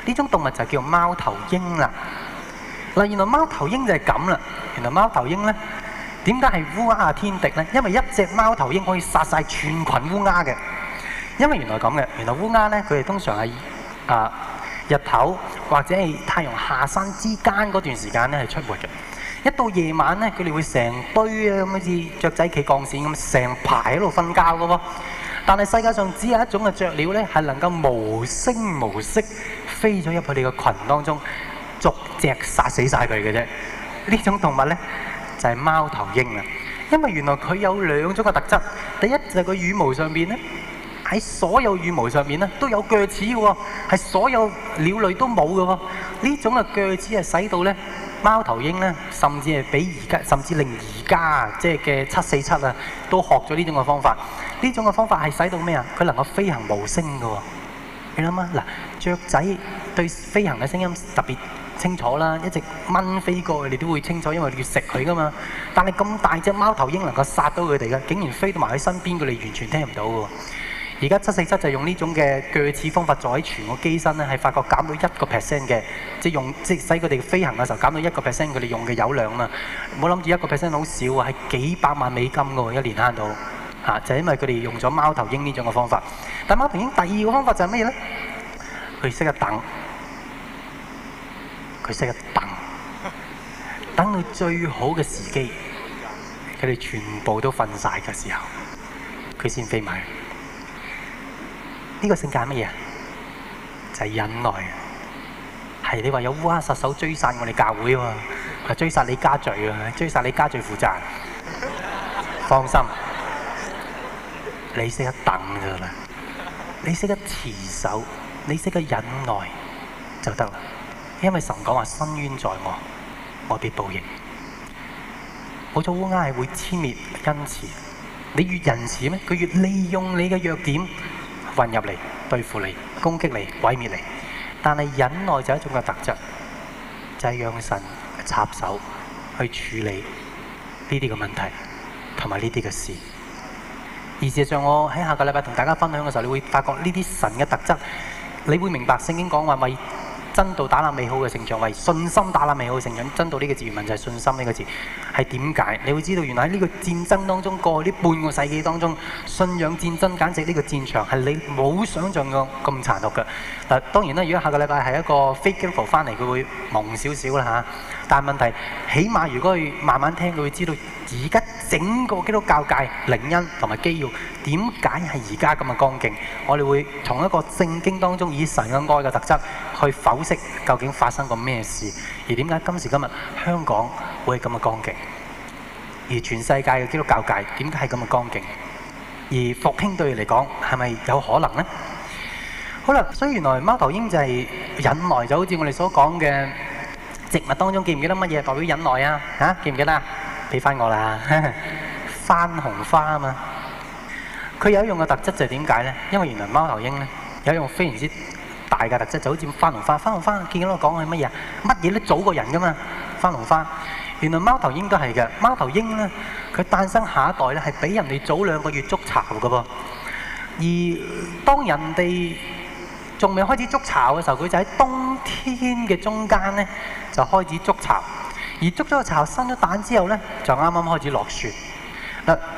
呢種動物就叫貓頭鷹啦。嗱，原來貓頭鷹就係咁啦。原來貓頭鷹咧。點解係烏鴉嘅天敵呢？因為一隻貓頭鷹可以殺晒全群烏鴉嘅。因為原來咁嘅，原來烏鴉呢，佢哋通常係啊、呃、日頭或者係太陽下山之間嗰段時間呢係出沒嘅。一到夜晚呢，佢哋會成堆啊咁好似雀仔企鋼線咁，成排喺度瞓覺㗎喎。但係世界上只有一種嘅雀鳥呢，係能夠無聲無息飛咗入佢哋嘅群當中，逐隻殺死晒佢嘅啫。呢種動物呢，就係貓頭鷹啊！因為原來佢有兩種嘅特質，第一就係個羽毛上面咧，喺所有羽毛上面咧都有鋸齒喎，係所有鳥類都冇嘅喎。呢種嘅鋸齒係使到咧，貓頭鷹咧，甚至係比而家，甚至令而家即係嘅七四七啊，都學咗呢種嘅方法。呢種嘅方法係使到咩啊？佢能夠飛行無聲嘅喎。你諗啊？嗱，雀仔對飛行嘅聲音特別清楚啦，一隻蚊飛過去你都會清楚，因為你要食佢噶嘛。但係咁大隻貓頭鷹能夠殺到佢哋嘅，竟然飛到埋佢身邊，佢哋完全聽唔到喎。而家七四七就用呢種嘅鋸齒方法，在喺全個機身咧係發覺減到一個 percent 嘅，即係用即使佢哋飛行嘅時候減到一個 percent，佢哋用嘅油量啊嘛。唔好諗住一個 percent 好少喎，係幾百萬美金嘅喎，一年慳到嚇，就因為佢哋用咗貓頭鷹呢種嘅方法。但貓頭鷹第二個方法就係咩嘢咧？佢識得等。佢識得等，等到最好嘅時機，佢哋全部都瞓晒嘅時候，佢先飛埋。呢、這個性格係乜嘢？就係、是、忍耐。係你話有烏鴉殺手追殺我哋教會吖嘛，追殺你家罪啊，追殺你家罪、啊、負責。放心，你識得等㗎喇，你識得持守，你識得忍耐就得啦。因為神講話，伸冤在我，我必報應。我做烏鴉係會殲滅恩慈，你越仁慈咩？佢越利用你嘅弱點混入嚟，對付你，攻擊你，毀滅你。但係忍耐就係一種嘅特質，就係、是、讓神插手去處理呢啲嘅問題同埋呢啲嘅事。而事實上，我喺下個禮拜同大家分享嘅時候，你會發覺呢啲神嘅特質，你會明白聖經講話咪。」真道打爛美好嘅成長，為信心打爛美好嘅成長。真道呢個字原文就係信心呢個字，係點解？你會知道原來喺呢個戰爭當中，過去呢半個世紀當中，信仰戰爭簡直呢個戰場係你冇想像咁咁殘酷嘅。嗱，當然啦，如果下個禮拜係一個飛機飛翻嚟，佢會蒙少少啦嚇。啊。但問題，起碼如果佢慢慢聽，佢會知道而家整個基督教界靈恩同埋基要點解係而家咁嘅光景。我哋會從一個聖經當中，以神嘅愛嘅特質去剖析究竟發生過咩事，而點解今時今日香港會咁嘅光景，而全世界嘅基督教界點解係咁嘅光景，而復興對你嚟講係咪有可能呢？好啦，所以原來貓頭鷹就係引來，就好似我哋所講嘅。植物當中記唔記得乜嘢代表忍耐啊？嚇，記唔記得啊？俾翻我啦，番紅花啊嘛。佢有一樣嘅特質就點解咧？因為原來貓頭鷹咧有一樣非常之大嘅特質，就好似番紅花，番紅花見到我講係乜嘢？乜嘢都早過人噶嘛，番紅花。原來貓頭鷹都係嘅，貓頭鷹咧佢誕生下一代咧係俾人哋早兩個月捉巢噶噃。而當人哋，仲未開始築巢嘅時候，佢就喺冬天嘅中間呢，就開始築巢。而築咗個巢、生咗蛋之後呢，就啱啱開始落雪。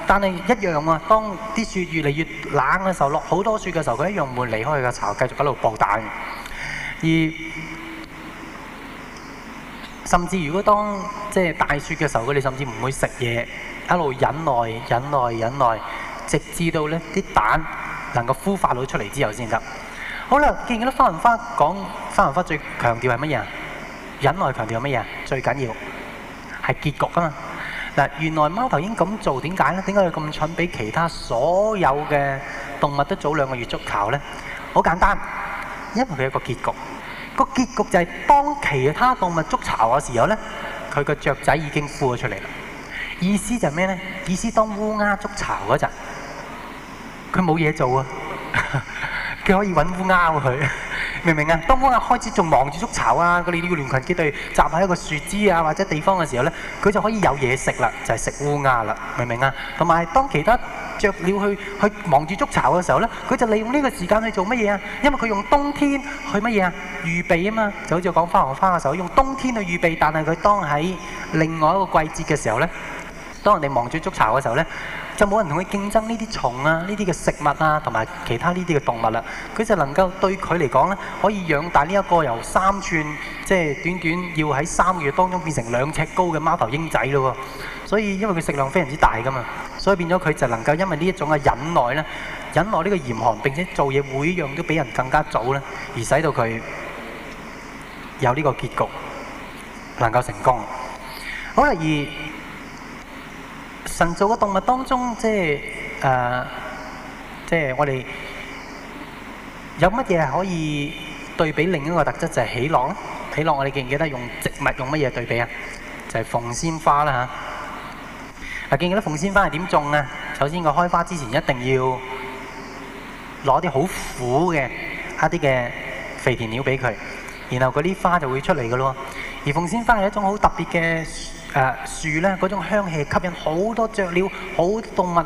但係一樣啊，當啲雪越嚟越冷嘅時候，落好多雪嘅時候，佢一樣會離開個巢，繼續喺度爆蛋。而甚至如果當即係大雪嘅時候，佢哋甚至唔會食嘢，一路忍耐、忍耐、忍耐，直至到呢啲蛋能夠孵化到出嚟之後先得。好啦，見到咧，三文花講三文花最強調係乜嘢？忍耐強調係乜嘢？最緊要係結局噶嘛？嗱，原來貓頭鷹咁做點解咧？點解佢咁蠢，俾其他所有嘅動物都早兩個月築巢咧？好簡單，因為佢有一個結局。個結局就係當其他動物築巢嗰時候咧，佢個雀仔已經孵咗出嚟啦。意思就係咩咧？意思當烏鴉築巢嗰陣，佢冇嘢做啊。佢可以揾烏鴉佢，明唔明啊？當烏鴉開始仲忙住築巢啊，佢哋呢個連群結隊集喺一個樹枝啊或者地方嘅時候呢，佢就可以有嘢食啦，就係、是、食烏鴉啦，明唔明啊？同埋當其他雀鳥去去忙住築巢嘅時候呢，佢就利用呢個時間去做乜嘢啊？因為佢用冬天去乜嘢啊？預備啊嘛，就好似講花紅花嘅時候，用冬天去預備，但係佢當喺另外一個季節嘅時候呢，當人哋忙住築巢嘅時候呢。就冇人同佢競爭呢啲蟲啊、呢啲嘅食物啊，同埋其他呢啲嘅動物啦、啊。佢就能夠對佢嚟講呢，可以養大呢一個由三寸，即、就、係、是、短短要喺三個月當中變成兩尺高嘅貓頭鷹仔咯。所以因為佢食量非常之大㗎嘛，所以變咗佢就能夠因為呢一種嘅忍耐咧，忍耐呢個嚴寒，並且做嘢會讓到比人更加早咧，而使到佢有呢個結局能夠成功。好啦，而。神造嘅動物當中，即係誒，即係我哋有乜嘢可以對比另一個特質就係喜樂咧？喜樂，我哋記唔記得用植物用乜嘢對比啊？就係鳳仙花啦嚇。啊，記唔記得鳳仙花係點種啊？首先，佢開花之前一定要攞啲好苦嘅一啲嘅肥田料俾佢，然後嗰啲花就會出嚟㗎咯。而鳳仙花係一種好特別嘅。誒樹咧，嗰種香氣吸引好多雀鳥，好多動物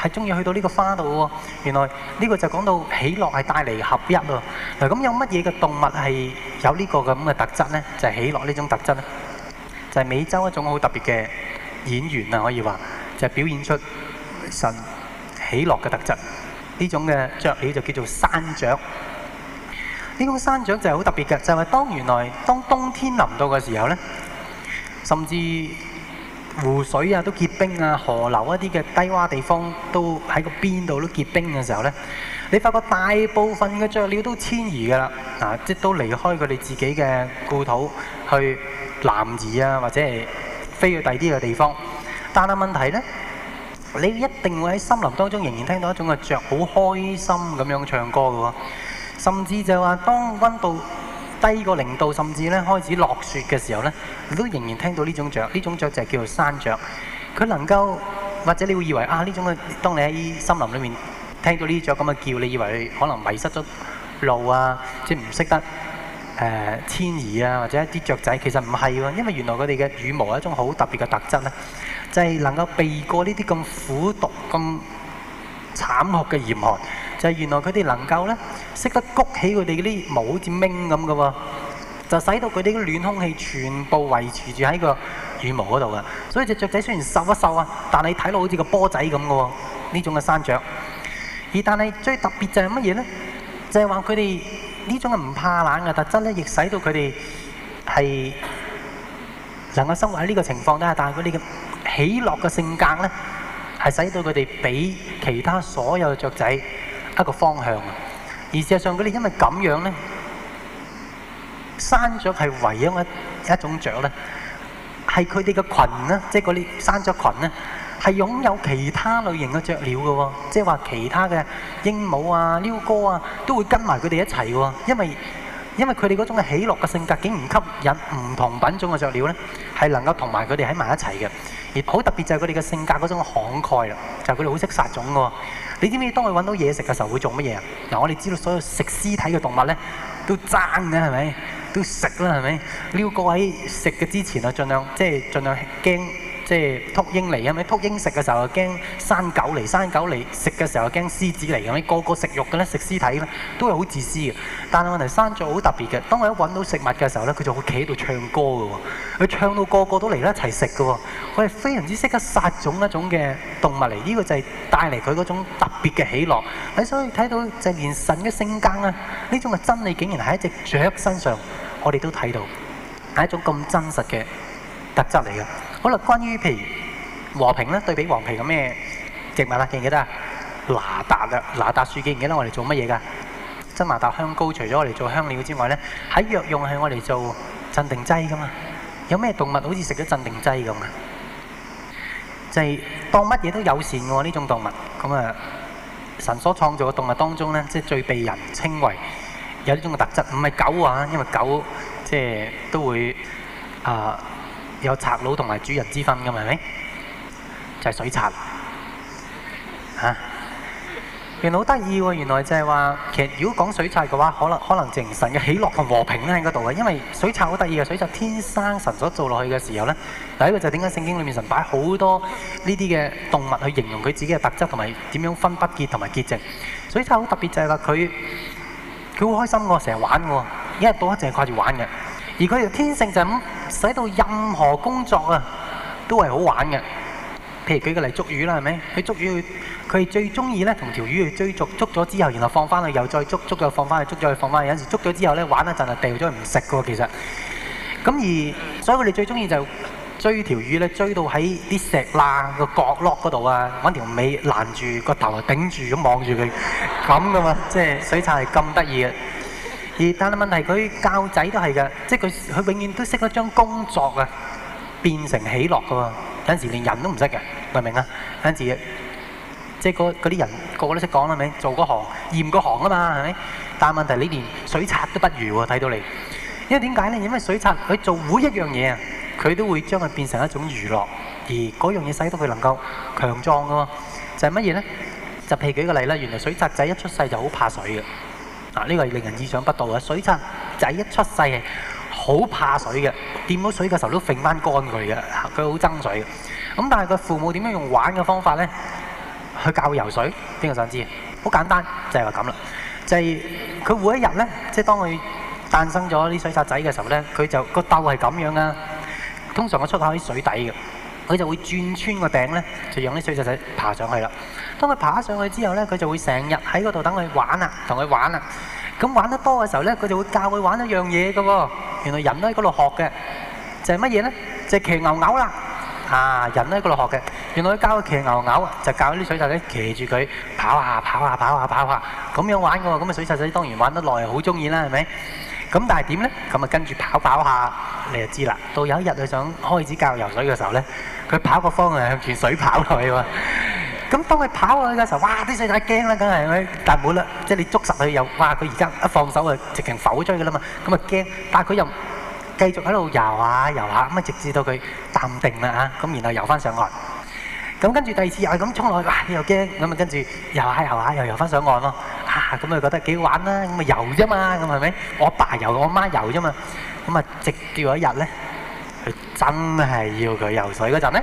係鍾意去到呢個花度喎。原來呢個就講到喜樂係帶嚟合一咯。嗱，咁有乜嘢嘅動物係有呢個咁嘅特質呢？就係喜樂呢種特質呢，就係、是、美洲一種好特別嘅演員啊，可以話就係表現出神喜樂嘅特質。呢種嘅雀鳥就叫做山雀。呢種山雀就係好特別嘅，就係當原來當冬天臨到嘅時候呢。甚至湖水啊，都結冰啊，河流一啲嘅低洼地方都喺個邊度都結冰嘅時候咧，你發覺大部分嘅雀鳥都遷移嘅啦，嗱、啊，即都離開佢哋自己嘅故土去南移啊，或者係飛去第啲嘅地方。但係問題咧，你一定會喺森林當中仍然聽到一種嘅雀好開心咁樣唱歌嘅，甚至就話當溫度。低過零度，甚至咧開始落雪嘅時候咧，你都仍然聽到呢種雀，呢種雀就係叫做山雀。佢能夠，或者你會以為啊，呢種嘅，當你喺森林裏面聽到呢啲雀咁嘅叫，你以為可能迷失咗路啊，即係唔識得誒、呃、遷移啊，或者一啲雀仔其實唔係喎，因為原來佢哋嘅羽毛係一種好特別嘅特質咧，就係、是、能夠避過呢啲咁苦毒、咁慘酷嘅嚴寒。就係原來佢哋能夠咧，識得谷起佢哋啲毛，好似掹咁嘅喎，就使到佢哋啲暖空氣全部維持住喺個羽毛嗰度啊！所以隻雀仔雖然瘦一瘦啊，但係睇落好似個波仔咁嘅喎，呢種嘅山雀。而但係最特別就係乜嘢咧？就係話佢哋呢種係唔怕冷嘅特質咧，亦使到佢哋係能夠生活喺呢個情況底下。但係佢哋嘅喜樂嘅性格咧，係使到佢哋畀其他所有嘅雀仔。一個方向啊！而事實上，佢哋因為咁樣咧，山雀係唯一一一種雀咧，係佢哋嘅群，就是、呢即係嗰啲山雀群，咧，係擁有其他類型嘅雀鳥嘅喎、哦，即係話其他嘅鸚鵡啊、鷯哥啊，都會跟埋佢哋一齊嘅喎，因為因為佢哋嗰種嘅喜樂嘅性格，竟然唔吸引唔同品種嘅雀鳥咧，係能夠同埋佢哋喺埋一齊嘅，而好特別就係佢哋嘅性格嗰種慷慨啦，就係佢哋好識殺種嘅喎、哦。你知唔知道當佢搵到嘢食嘅時候會做乜嘢？嗱，我哋知道所有食屍體嘅動物都爭嘅係咪？都食啦係咪？各位食嘅之前啊，盡量，即係盡量驚。即盡量即係禿鷹嚟啊！咪禿鷹食嘅時候又驚山狗嚟，山狗嚟食嘅時候又驚獅子嚟咁。你個個食肉嘅咧，食屍體咧，都係好自私嘅。但係問題山雀好特別嘅，當我一揾到食物嘅時候咧，佢就會企喺度唱歌嘅喎。佢唱到個個都嚟一齊食嘅喎。佢係非常之識得殺種一種嘅動物嚟。呢、呢個就係帶嚟佢嗰種特別嘅喜樂。你所以睇到就係連神嘅性格啊，呢種嘅真理竟然喺一隻雀身上，我哋都睇到係一種咁真實嘅特質嚟嘅。好啦，關於皮和平咧，對比黃皮有咩植物啦？記唔記得啊？拿達啦，拿達樹記唔記得？我哋做乜嘢噶？真拿達香膏除咗我哋做香料之外咧，喺藥用係我哋做鎮定劑噶嘛。有咩動物好似食咗鎮定劑咁啊？就係當乜嘢都友善嘅喎呢種動物。咁啊，神所創造嘅動物當中咧，即係最被人稱為有呢種嘅特質。唔係狗啊，因為狗即係都會啊。有賊佬同埋主人之分嘅，係咪？就係、是、水賊嚇，、啊。原來好得意喎，原來就係話，其實如果講水賊嘅話，可能可能淨神嘅喜樂同和平咧喺嗰度啦。因為水賊好得意嘅，水賊天生神所做落去嘅時候咧，第一個就點、是、解聖經裡面神擺好多呢啲嘅動物去形容佢自己嘅特質同埋點樣分不潔同埋潔淨。水賊好特別就係話佢，佢好開心嘅，成日玩嘅，一日到黑淨係掛住玩嘅。而佢哋天性就咁，使到任何工作啊，都係好玩嘅。譬如舉個例捉魚啦，係咪？佢捉魚，佢最中意咧同條魚去追逐，捉咗之後，然後放翻去，又再捉，捉咗放翻去，捉咗又放翻去。有陣時捉咗之後咧，玩一陣啊，掉咗唔食嘅喎，其實。咁而，所以佢哋最中意就追條魚咧，追到喺啲石罅個角落嗰度啊，揾條尾攔住，個頭頂住咁望住佢，咁嘅 嘛，即係水獺係咁得意嘅。而但係問題，佢教仔都係嘅，即係佢佢永遠都識得將工作啊變成喜樂嘅喎。有陣時連人都唔識嘅，明唔明啊？有陣時即係嗰嗰啲人個個都識講啦，咪做嗰行驗嗰行啊嘛，係咪？但係問題你連水獺都不如喎，睇到你。因為點解咧？因為水獺佢做每一樣嘢啊，佢都會將佢變成一種娛樂，而嗰樣嘢使到佢能夠強壯嘅喎。就係乜嘢咧？就譬如舉個例啦，原來水獺仔一出世就好怕水嘅。嗱，呢個、啊、令人意想不到嘅。水獺仔一出世係好怕水嘅，掂到水嘅時候都揈翻乾佢嘅，佢好憎水嘅。咁但係佢父母點樣用玩嘅方法呢？去教游水？邊個想知？好簡單，就係話咁啦。就係、係、佢每一日呢，即係當佢誕生咗啲水獺仔嘅時候呢，佢就、個竇係咁樣啊。通常個出口喺水底嘅，佢就會轉穿個頂呢，就讓啲水獺仔爬上去啦。當佢爬上去之後咧，佢就會成日喺嗰度等佢玩啊，同佢玩啊。咁玩得多嘅時候咧，佢就會教佢玩一樣嘢嘅喎。原來人都喺嗰度學嘅，就係乜嘢咧？就係騎牛牛啦。啊，人都喺嗰度學嘅，原來佢教佢騎牛牛，就教啲水曬咧騎住佢跑下跑下跑下跑下，咁樣玩嘅喎。咁啊，水曬仔當然玩得耐，好中意啦，係咪？咁但係點咧？咁啊，跟住跑跑下，你就知啦。到有一日佢想開始教游水嘅時候咧，佢跑個方向向住水跑落去喎。咁當佢跑落去嘅時候，哇，啲細仔驚啦，梗係啦，但係冇啦，即係你捉實佢又，哇佢而家一放手啊，直情浮追噶啦嘛，咁啊，驚，但係佢又繼續喺度游下游下，咁啊直至到佢淡定啦，嚇，咁然後游返上岸。咁跟住第二次又係咁衝落去，又驚，咁啊跟住游下游下又游返上岸咯，嚇，咁啊覺得幾好玩啦，咁咪游啫嘛，咁係咪？我爸游，我媽游啫嘛，咁啊直叫一日咧，佢真係要佢游水嗰陣咧。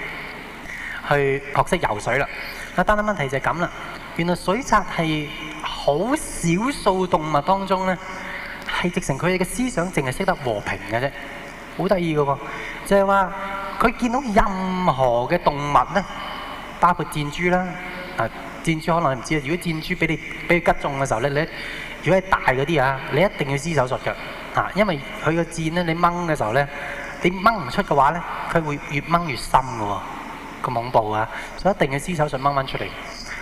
去學識游水啦！啊，單單問題就係咁啦。原來水獺係好少數動物當中咧，係直情佢哋嘅思想，淨係識得和平嘅啫。好得意嘅喎，就係話佢見到任何嘅動物咧，包括箭豬啦。啊，箭豬可能唔知啊。如果箭豬俾你俾佢擊中嘅時候咧，你如果係大嗰啲啊，你一定要施手術嘅啊，因為佢個箭咧，你掹嘅時候咧，你掹唔出嘅話咧，佢會越掹越深嘅喎。咁恐怖啊！所以一定嘅隻手想掹翻出嚟。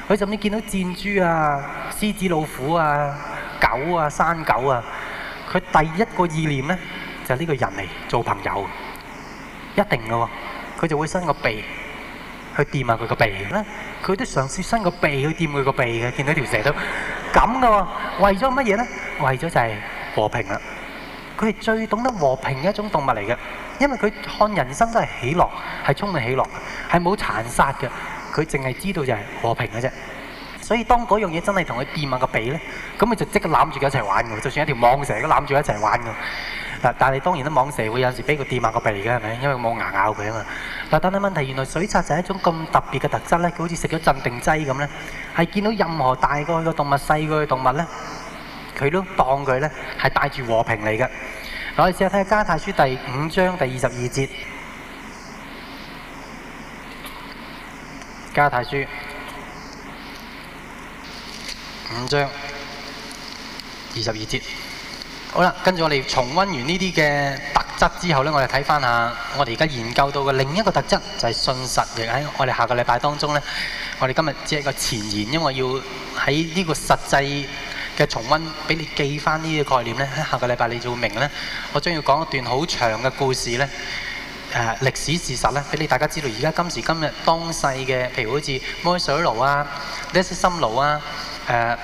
佢甚至見到箭豬啊、獅子、老虎啊、狗啊、山狗啊，佢第一個意念咧就係呢個人嚟做朋友，一定嘅喎。佢就會伸個鼻去掂下佢個鼻咧。佢都嘗試伸個鼻去掂佢個鼻嘅。見到條蛇都咁㗎喎，為咗乜嘢咧？為咗就係和平啦。佢係最懂得和平嘅一種動物嚟嘅，因為佢看人生都係喜樂，係充滿喜樂，係冇殘殺嘅。佢淨係知道就係和平嘅啫。所以當嗰樣嘢真係同佢掂下個鼻呢，咁佢就即刻攬住佢一齊玩，就算一條蟒蛇都攬住佢一齊玩嘅。但係當然啦，蟒蛇會有陣時俾佢掂下個鼻嘅，係咪？因為冇牙咬佢啊嘛。但係問題係原來水蛇就係一種咁特別嘅特質呢。佢好似食咗鎮定劑咁呢，係見到任何大過佢嘅動物、細過佢動物呢。佢都當佢咧係帶住和平嚟嘅。我哋試下睇下《加太書》第五章第二十二節,家泰節，《加太書》五章二十二節。好啦，跟住我哋重温完呢啲嘅特質之後呢，我哋睇翻下我哋而家研究到嘅另一個特質，就係、是、信實。亦喺我哋下個禮拜當中呢，我哋今日只係一個前言，因為要喺呢個實際。嘅重溫，俾你記翻呢個概念咧。喺下個禮拜你就會明咧。我將要講一段好長嘅故事咧。誒，歷史事實咧，俾你大家知道。而家今時今日當世嘅，譬如好似摩西奴啊、得失心奴啊，誒呢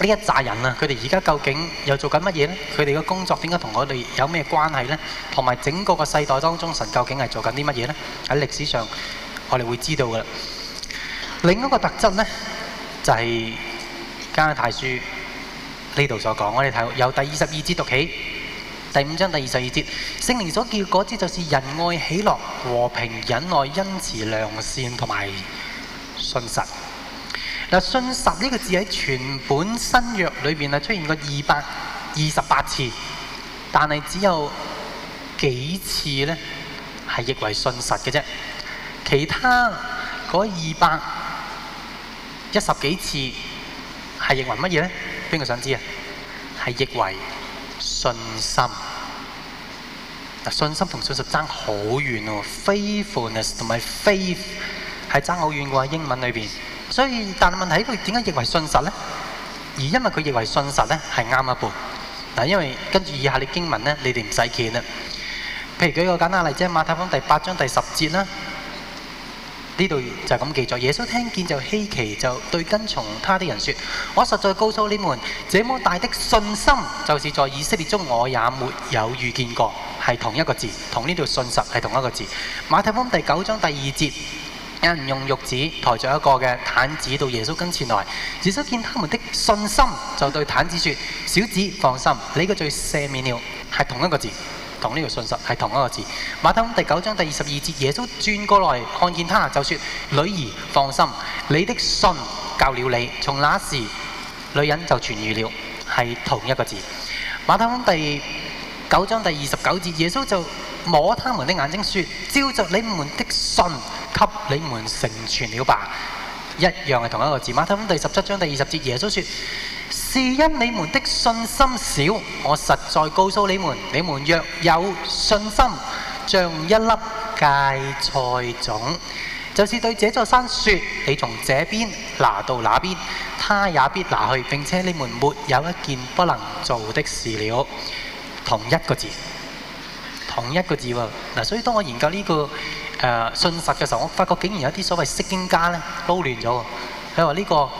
一紮人啊，佢哋而家究竟又做緊乜嘢咧？佢哋嘅工作點解同我哋有咩關係咧？同埋整個個世代當中，神究竟係做緊啲乜嘢咧？喺歷史上，我哋會知道㗎喇。另一個特質咧，就係加太書。呢度所講，我哋睇由第二十二節讀起，第五章第二十二節，聖靈所結果子就是仁愛、喜樂、和平、忍耐、恩慈、良善同埋信實。嗱，信實呢個字喺全本新約裏邊係出現過二百二十八次，但係只有幾次呢係譯為信實嘅啫，其他嗰二百一十幾次係譯為乜嘢呢？邊個想知啊？係譯為信心。嗱，信心同信實爭好遠喎，faithfulness 同埋 faith 係爭好遠嘅喎，英文裏邊。所以但係問題佢點解譯為信實呢？而因為佢譯為信實呢係啱一半嗱，因為跟住以下啲經文呢，你哋唔使見啦。譬如舉一個簡單例子，馬太福音第八章第十節啦。呢度就咁記載，耶穌聽見就希奇，就對跟從他的人說：我實在告訴你們，這麼大的信心就是在以色列中我也沒有遇見過。係同一個字，同呢條信實係同一個字。馬太福音第九章第二節，有人用褥子抬著一個嘅癱子到耶穌跟前來，耶穌見他們的信心，就對癱子說：小子，放心，你嘅罪赦免了。係同一個字。同呢個信實係同一個字。馬太福音第九章第二十二節，耶穌轉過來看見他就說：「女兒放心，你的信救了你。」從那時，女人就痊愈了，係同一個字。馬太福音第九章第二十九節，耶穌就摸他們的眼睛，説：「照着你們的信，給你們成全了吧。」一樣係同一個字。馬太福音第十七章第二十節，耶穌説。是因你們的信心少，我實在告訴你們：你們若有信心，像一粒芥菜種，就是對這座山說：你從這邊拿到那邊，他也必拿去。並且你們沒有一件不能做的事了。同一個字，同一個字喎。嗱，所以當我研究呢個誒信實嘅時候，我發覺竟然有啲所謂釋經家呢，撈亂咗。佢話呢個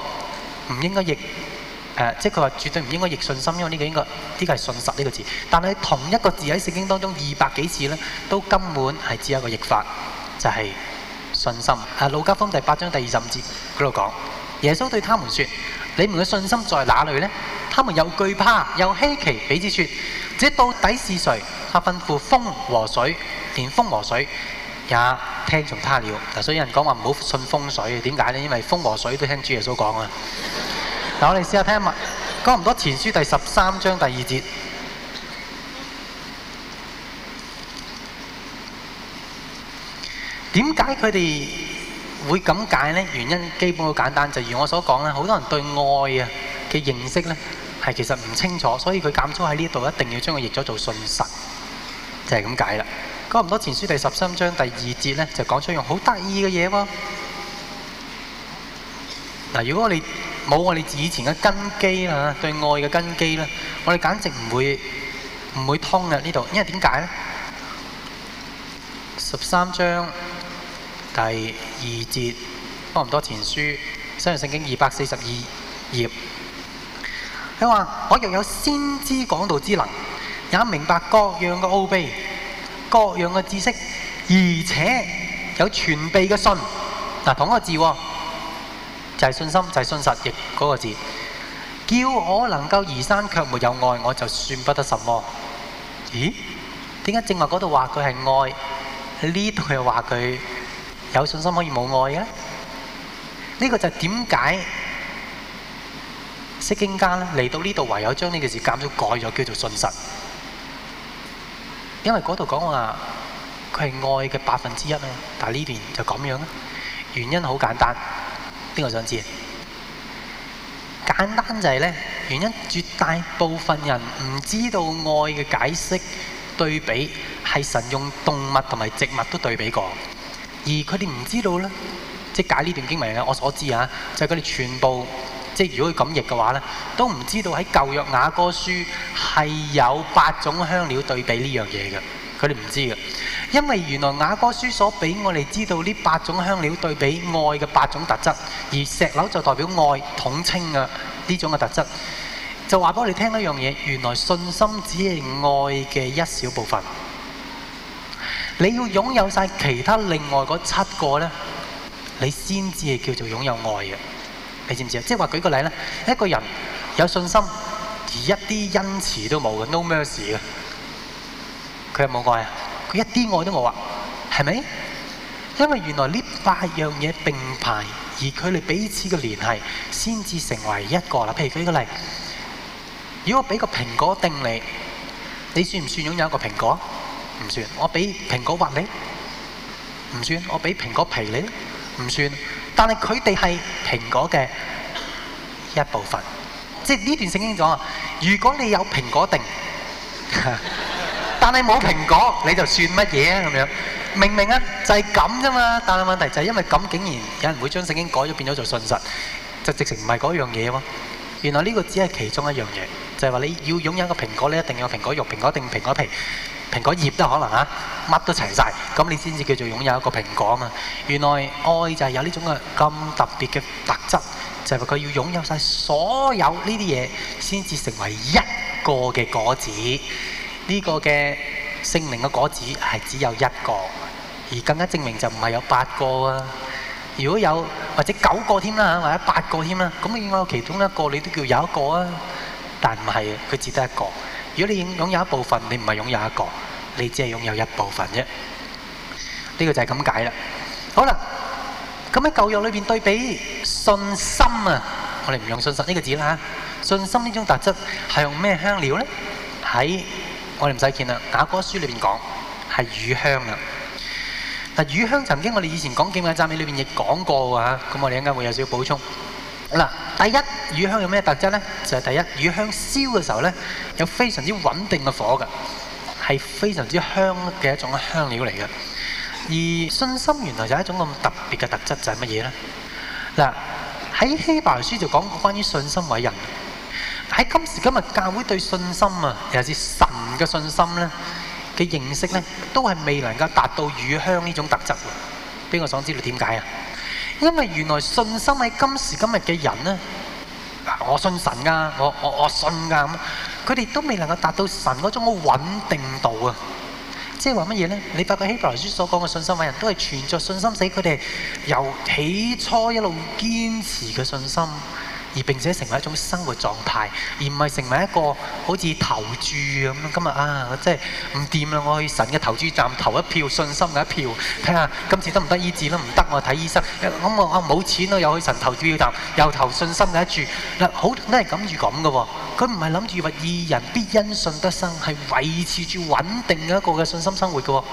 唔應該譯。即係佢話絕對唔應該譯信心，因為呢個應該呢、呢個係信實呢、呢個字。但係同一個字喺聖經當中二百幾次咧，都根本係只有一個譯法，就係、是、信心。誒、啊，路加福音第八章第二十五節嗰度講，耶穌對他們説：你們嘅信心在哪裡呢？他們又懼怕又稀奇，彼此説：這到底是誰？他吩咐風和水，連風和水也聽從他了。所以有人講話唔好信風水，點解呢？因為風和水都聽主耶穌講啊。嗱，我哋試下聽下，講唔多前書第十三章第二節。點解佢哋會咁解呢？原因基本好簡單，就如我所講啦。好多人對愛啊嘅認識呢，係其實唔清楚，所以佢間錯喺呢度，一定要將佢譯咗做信實，就係咁解啦。講唔多前書第十三章第二節呢，就講出一樣好得意嘅嘢喎。嗱，如果你冇我哋以前嘅根基啦，對愛嘅根基咧，我哋簡直唔會唔會通嘅呢度，因為點解咧？十三章第二節，多唔多前書新約聖經二百四十二頁。佢話我若有先知講道之能，也明白各樣嘅奧秘、各樣嘅知識，而且有全備嘅信。嗱，同一個字，哦。就係信心，就係信實，譯嗰個字。叫我能夠移山，卻沒有愛，我就算不得什麼。咦？點解正話嗰度話佢係愛，呢度又話佢有信心可以冇愛嘅咧？呢個就係點解？釋經家咧，嚟到呢度唯有將呢件事改咗，叫做信實。因為嗰度講話佢係愛嘅百分之一啊，但係呢段就咁樣啊。原因好簡單。邊個想知？簡單就係咧，原因絕大部分人唔知道愛嘅解釋對比，係神用動物同埋植物都對比過，而佢哋唔知道咧，即係解呢段經文啊！我所知啊，就係佢哋全部即係如果佢咁譯嘅話咧，都唔知道喺舊約雅歌書係有八種香料對比呢樣嘢嘅，佢哋唔知嘅。因為原來雅歌書所俾我哋知道呢八種香料對比愛嘅八種特質，而石榴就代表愛，統稱嘅呢種嘅特質，就話俾我哋聽一樣嘢：原來信心只係愛嘅一小部分。你要擁有曬其他另外嗰七個咧，你先至係叫做擁有愛嘅。你知唔知啊？即係話舉個例咧，一個人有信心而一啲恩慈都冇嘅，No mercy 嘅，佢有冇愛啊？佢一啲愛都冇啊，係咪？因為原來呢八樣嘢並排，而佢哋彼此嘅聯繫先至成為一個啦。譬如舉個例，如果我俾個蘋果定你，你算唔算擁有一個蘋果？唔算。我俾蘋果核你，唔算。我俾蘋果皮你，唔算。但係佢哋係蘋果嘅一部分。即係呢段聖經講啊，如果你有蘋果定。但係冇蘋果，你就算乜嘢啊？咁樣明明啊，就係咁啫嘛！但係問題就係因為咁，竟然有人會將聖經改咗，變咗做信實，就直情唔係嗰樣嘢咯。原來呢個只係其中一樣嘢，就係話你要擁有個蘋果，你一定要有蘋果肉、蘋果定蘋果皮、蘋果葉都可能啊，乜都齊晒，咁你先至叫做擁有一個蘋果啊嘛！原來愛就係有呢種嘅咁特別嘅特質，就係話佢要擁有晒所有呢啲嘢，先至成為一個嘅果子。呢個嘅聖靈嘅果子係只有一個，而更加證明就唔係有八個啊！如果有或者九個添啦，或者八個添啦，咁應該有其中一個你都叫有一個啊，但唔係佢只得一個。如果你擁有一部分，你唔係擁有一個，你只係擁有一部分啫。呢個就係咁解啦。好啦，咁喺舊約裏邊對比信心啊，我哋唔用信實呢個字啦。信心呢種特質係用咩香料咧？喺我哋唔使見啦。雅歌書裏面講係乳香啊。嗱，乳香曾經我哋以前講《敬畏讚美》裏面亦講過喎。咁我哋應該會有少少補充。嗱，第一乳香有咩特質呢？就係第一乳香燒嘅時候呢，有非常之穩定嘅火㗎，係非常之香嘅一種香料嚟㗎。而信心原來就係一種咁特別嘅特質，就係乜嘢呢？嗱，喺希伯來書就講過關於信心偉人。喺今時今日教會對信心啊，尤其嘅信心咧，嘅認識咧，都係未能夠達到乳香呢種特質。邊個想知道點解啊？因為原來信心喺今時今日嘅人咧，我信神啊，我我我信啊咁，佢哋都未能夠達到神嗰種穩定度啊！即係話乜嘢咧？你發覺希伯來書所講嘅信心，偉人都係存著信心，使佢哋由起初一路堅持嘅信心。而並且成為一種生活狀態，而唔係成為一個好似投注咁樣。今日啊，即係唔掂啦，我去神嘅投注站投一票信心嘅一票。睇下今次得唔得醫治啦？唔得，我睇醫生。咁我啊冇錢啦，又去神投注站又投信心嘅一注。嗱，好多人係咁住咁嘅喎。佢唔係諗住話義人必因信得生，係維持住穩定嘅一個嘅信心生活嘅喎。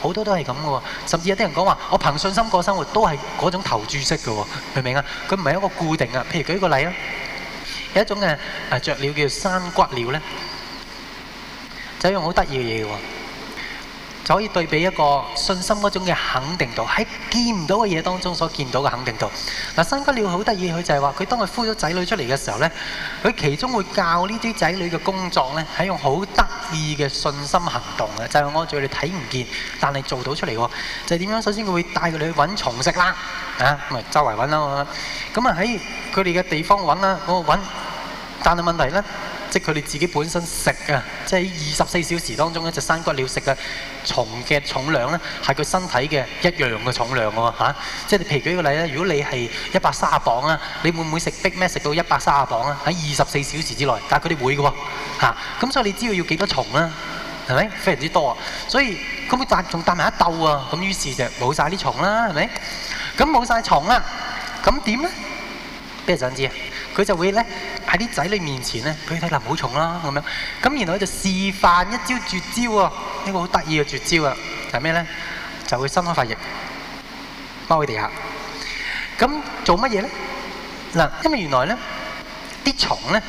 好多都係咁嘅喎，甚至有啲人講話我憑信心過生活，都係嗰種投注式嘅喎，明唔明啊？佢唔係一個固定啊。譬如舉個例啦，有一種嘅誒雀鳥叫山骨鳥咧，就係一樣好得意嘅嘢嘅喎。可以對比一個信心嗰種嘅肯定度，喺見唔到嘅嘢當中所見到嘅肯定度。嗱、啊，山雞鳥好得意，佢就係話，佢當佢孵咗仔女出嚟嘅時候呢，佢其中會教呢啲仔女嘅工作呢，係用好得意嘅信心行動嘅、就是是的就是、啊，就係我哋睇唔見，但係做到出嚟喎。就係點樣？首先佢會帶佢哋去揾蟲食啦，啊，咁周圍揾啦，咁啊喺佢哋嘅地方揾啦，我揾，但係問題呢，即係佢哋自己本身食啊，即係二十四小時當中呢隻山骨鳥食嘅蟲嘅重量呢，係佢身體嘅一樣嘅重量㗎、啊、即係你譬如舉個例咧，如果你係一百卅磅啊，你會唔會食逼咩？食到一百卅磅啊？喺二十四小時之內，但係佢哋會嘅喎。咁所以你知道要幾多蟲啊？係咪非常之多啊？所以佢冇帶仲搭埋一竇啊！咁於是就冇晒啲蟲啦，係咪？咁冇晒蟲啊，咁點呢？邊人想知啊？佢就會咧喺啲仔女面前咧，佢睇林好重啦咁樣，咁然後佢就示範一招絕招喎，一個好得意嘅絕招啊，係咩咧？就會伸開塊翼，踎喺地下。咁做乜嘢咧？嗱，因為原來咧啲蟲咧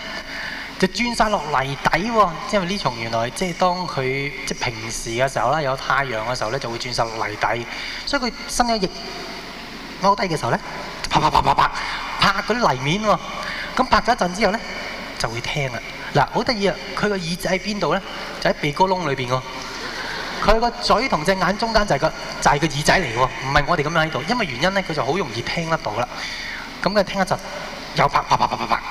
就鑽晒落泥底喎，因為呢蟲原來即係當佢即係平時嘅時候啦，有太陽嘅時候咧就會鑽晒落泥底，所以佢伸開翼踎低嘅時候咧，啪啪啪啪啪拍嗰啲泥面喎。咁拍咗一陣之後咧，就會聽啦。嗱，好得意啊！佢個耳仔喺邊度咧？就喺鼻哥窿裏邊喎。佢個嘴同隻眼中間就係個就係、是、個耳仔嚟嘅喎，唔係我哋咁樣喺度。因為原因咧，佢就好容易聽得到啦。咁、嗯、佢聽一陣又啪，啪啪啪啪啪，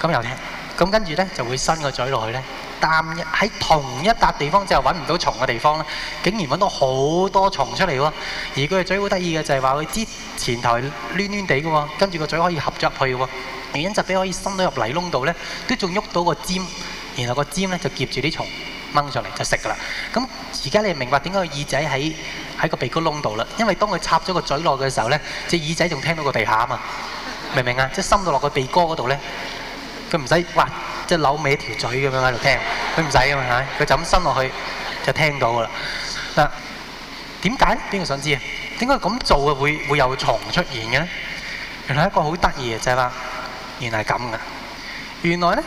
咁又聽。咁跟住咧就會伸個嘴落去咧，但喺同一笪地方之後揾唔到蟲嘅地方咧，竟然揾到好多蟲出嚟喎、哦。而佢嘅嘴好得意嘅就係話佢知前頭攣攣地嘅喎，跟住個嘴可以合咗入去嘅喎、哦。原因就俾可以伸到入泥窿度咧，都仲喐到個尖，然後個尖咧就夾住啲蟲掹上嚟就食噶啦。咁而家你明白點解個耳仔喺喺個鼻哥窿度啦？因為當佢插咗個嘴落嘅時候咧，隻耳仔仲聽到個地下啊嘛，明唔明啊？即係伸到落個鼻哥嗰度咧，佢唔使哇，即係扭歪條嘴咁樣喺度聽，佢唔使啊嘛，佢就咁伸落去就聽到噶啦。嗱，點解？邊個想知啊？點解咁做嘅會會有蟲出現嘅咧？原來一個好得意嘅就係話。原來係咁噶，原來咧，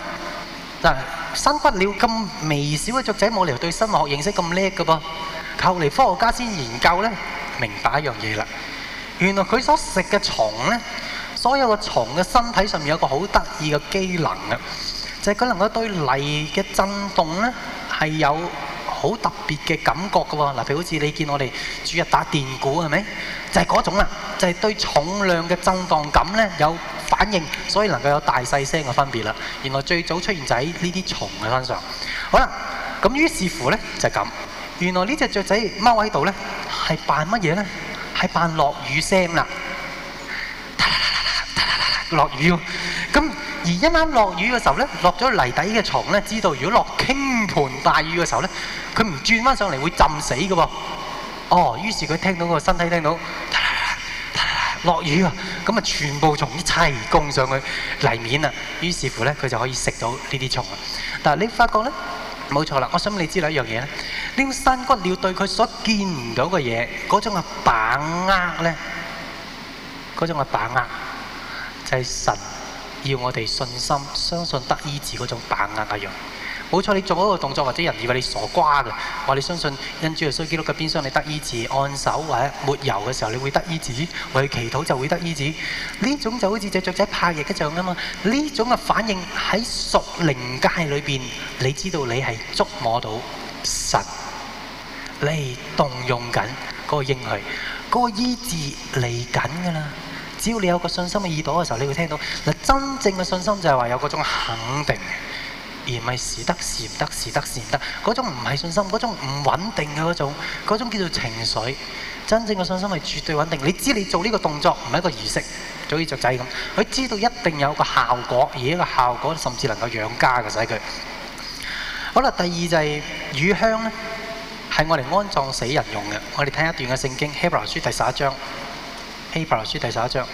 嗱，新骨鳥咁微小嘅雀仔，冇理由對生物學認識咁叻噶噃，後來科學家先研究咧，明白一樣嘢啦。原來佢所食嘅蟲咧，所有個蟲嘅身體上面有個好得意嘅機能啊，就係佢能夠對泥嘅震動咧，係有好特別嘅感覺噶喎。嗱，譬如好似你見我哋主日打電鼓係咪？就係嗰種啊，就係對重量嘅震動感咧有。反應，所以能夠有大細聲嘅分別啦。原來最早出現就喺呢啲蟲嘅身上好。好啦，咁於是乎呢，就係咁。原來呢隻雀仔踎喺度呢，係扮乜嘢呢？係扮落雨聲啦，落雨喎。咁而一晚落雨嘅時候呢，落咗泥底嘅蟲呢，知道如果落傾盆大雨嘅時候呢，佢唔轉翻上嚟會浸死嘅喎。哦，於是佢聽到個身體聽到。落雨啊！咁啊，全部從啲差異攻上去泥面啊！於是乎咧，佢就可以食到呢啲蟲。但嗱，你發覺咧，冇錯啦！我想你知道一樣嘢咧，呢啲山骨鳥對佢所見唔到嘅嘢，嗰種嘅把握咧，嗰種嘅把握就係、是、神要我哋信心相信得醫治嗰種把握一樣。冇錯，好你做嗰個動作或者人以為你傻瓜嘅，話你相信恩主耶穌基督嘅邊箱，你得醫治；按手或者抹油嘅時候，你會得醫治；為祈禱就會得醫治。呢種就好似隻雀仔拍翼一樣啊嘛！呢種嘅反應喺屬靈界裏邊，你知道你係觸摸到神，你動用緊嗰個應許，嗰個醫治嚟緊㗎啦。只要你有個信心嘅耳朵嘅時候，你會聽到。嗱，真正嘅信心就係話有嗰種肯定。而唔係時得時唔得，時得時唔得，嗰種唔係信心，嗰種唔穩定嘅嗰種，嗰種叫做情緒。真正嘅信心係絕對穩定。你知你做呢個動作唔係一個儀式，就好似雀仔咁，佢知道一定有個效果，而呢個效果甚至能夠養家嘅使佢。好啦，第二就係、是、乳香咧，係我哋安葬死人用嘅。我哋睇一段嘅聖經《希伯來書》第十一章，《希伯來書》第十一章。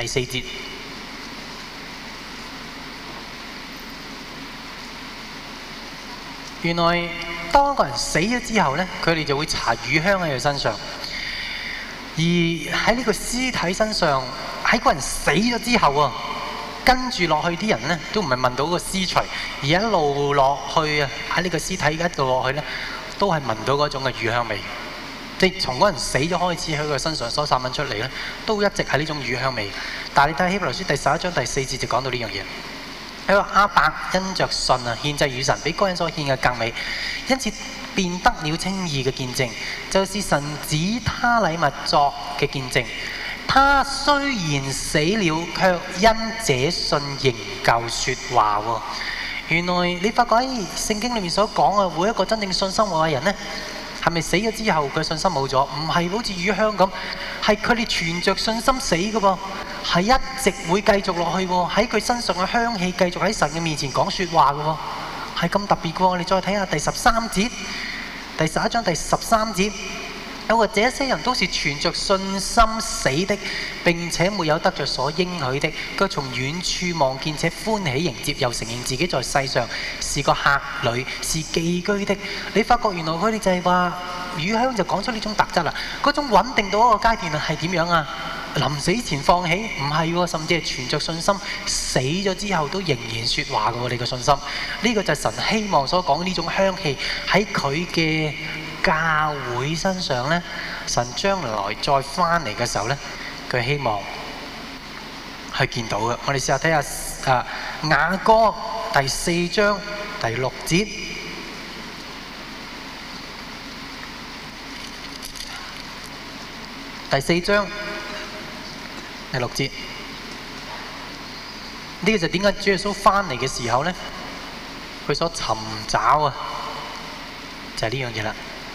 第四節，原來當一個人死咗之後呢，佢哋就會搽乳香喺佢身上，而喺呢個屍體身上，喺個人死咗之後啊，跟住落去啲人呢，都唔係聞到嗰個屍臭，而一路落去啊，喺呢個屍體一度落去呢，都係聞到嗰種嘅乳香味。即係從嗰人死咗開始喺佢身上所散揾出嚟咧，都一直係呢種乳香味。但係你睇希伯來書第十一章第四節就講到呢樣嘢。喺話阿伯因着信啊，獻祭與神比嗰人所獻嘅更美，因此便得了稱義嘅見證，就是神指他禮物作嘅見證。他雖然死了，卻因這信仍舊說話。原來你發覺喺聖經裏面所講嘅，每一個真正信心活嘅人呢。係咪死咗之後佢信心冇咗？唔係好似乳香咁，係佢哋存着信心死噶噃，係一直會繼續落去喎。喺佢身上嘅香氣繼續喺神嘅面前講說話噶喎，係咁特別噶喎。我哋再睇下第十三節，第十一章第十三節。有或這些人都是存着信心死的，並且沒有得着所應許的。佢從遠處望見且歡喜迎接，又承認自己在世上是個客旅，是寄居的。你發覺原來佢哋就係話，乳香就講出呢種特質啦。嗰種穩定到一個階段係點樣啊？臨死前放棄？唔係喎，甚至係存着信心死咗之後都仍然説話嘅你嘅信心。呢、這個就係神希望所講呢種香氣喺佢嘅。教會身上咧，神將來再翻嚟嘅時候咧，佢希望去見到嘅。我哋試下睇下啊，雅歌第四章第六節，第四章第六節，呢個就係點解主耶穌翻嚟嘅時候咧，佢所尋找啊，就係呢樣嘢啦。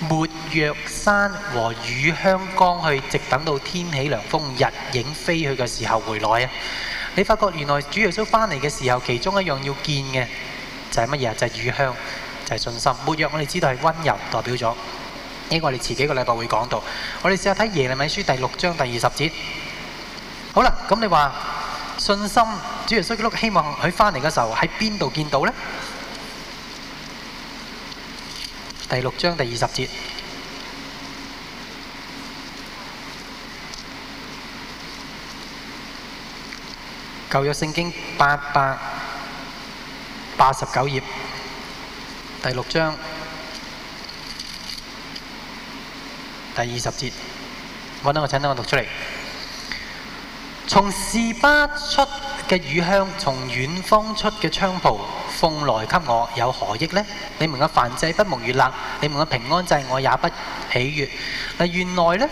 沒藥山和乳香岡去，直等到天起涼風，日影飛去嘅時候回來啊！你發覺原來主耶穌翻嚟嘅時候，其中一樣要見嘅就係乜嘢？就係乳香，就係信心。沒藥我哋知道係溫柔，代表咗，呢個我哋遲幾個禮拜會講到，我哋試下睇耶利米書第六章第二十節。好啦，咁你話信心，主耶穌基督希望佢翻嚟嘅時候喺邊度見到咧？第六章第二十節，舊約聖經八百八十九頁，第六章第二十節，揾翻個枕頭，我讀出嚟，從示巴出嘅乳香，從遠方出嘅菖蒲。奉來給我有何益咧？你們嘅燔祭不蒙悅納，你們嘅平安祭我也不喜悅。嗱，原來咧，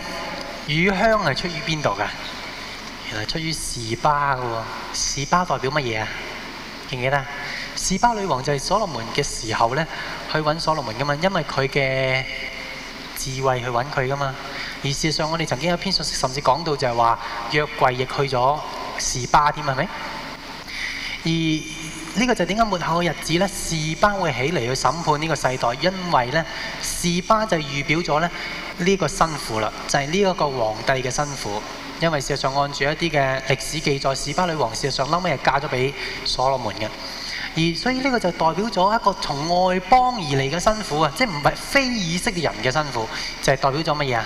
乳香係出於邊度噶？原來出於士巴嘅喎，士巴代表乜嘢啊？記唔記得？士巴女王就係所羅門嘅時候咧，去揾所羅門噶嘛，因為佢嘅智慧去揾佢噶嘛。而事實上，我哋曾經有篇信息，甚至講到就係話約櫃亦去咗士巴添，係咪？而呢個就係點解末後嘅日子呢，士巴會起嚟去審判呢個世代，因為呢士巴就係預表咗呢呢個新婦啦，就係呢一個皇帝嘅新婦。因為事實上按住一啲嘅歷史記載，士巴女皇事實上後尾係嫁咗俾所羅門嘅，而所以呢個就代表咗一個從外邦而嚟嘅新婦啊，即係唔係非以色列人嘅新婦，就係、係、代表咗乜嘢啊？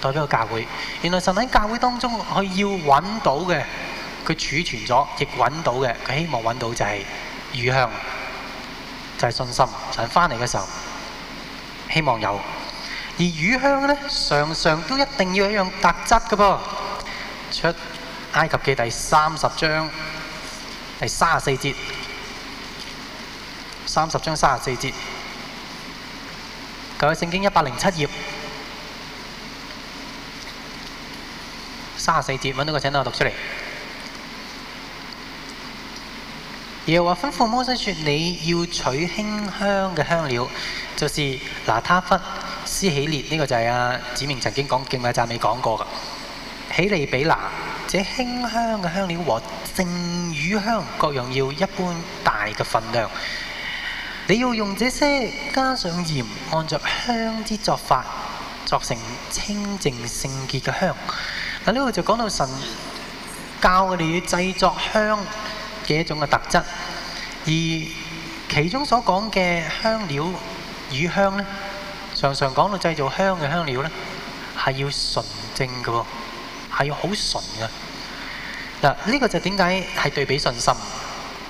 代表咗個教會，原來神喺教會當中，佢要揾到嘅。佢儲存咗，亦揾到嘅。佢希望揾到，就係乳香，就係、是、信心。想翻嚟嘅時候，希望有。而乳香咧，常常都一定要有一樣特質嘅噃。出埃及記第三十章，第三十四節，三十章三十四節，各位聖經一百零七頁，三十四節，揾到個請我讀出嚟。又話吩咐摩西說：你要取馨香嘅香料，就是拿他弗施喜列呢，這個就係阿、啊、子明曾經講敬拜站未講過噶。喜利比拿，這馨香嘅香料和聖乳香各樣要一般大嘅份量。你要用這些加上鹽，按着香之作法，作成清淨聖潔嘅香。嗱，呢度就講到神教我哋要製作香。嘅一種嘅特質，而其中所講嘅香料與香咧，常常講到製造香嘅香料咧，係要純正嘅喎，係要好純嘅。嗱，呢個就點解係對比信心？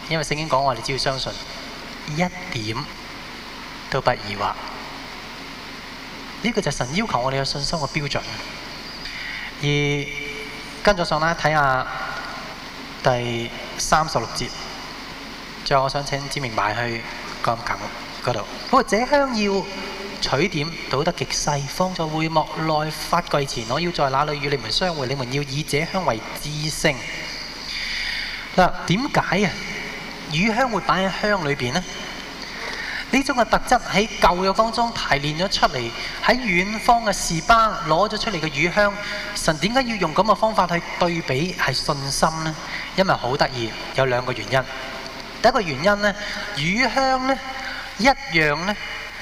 因為聖經講話，你只要相信，一點都不疑惑。呢個就神要求我哋有信心嘅標準。而跟咗上咧睇下。看看第三十六節，最後我想請志明埋去那個暗嗰度。好，這香要取點，倒得極細，放在會幕內法櫃前，我要在哪裏與你們相會？你們要以這香為至聖。嗱，點解啊？乳香會擺喺香裏邊呢？呢種嘅特質喺舊約當中提煉咗出嚟，喺遠方嘅士巴攞咗出嚟嘅乳香，神點解要用咁嘅方法去對比係信心咧？因為好得意，有兩個原因。第一個原因呢，乳香咧一樣咧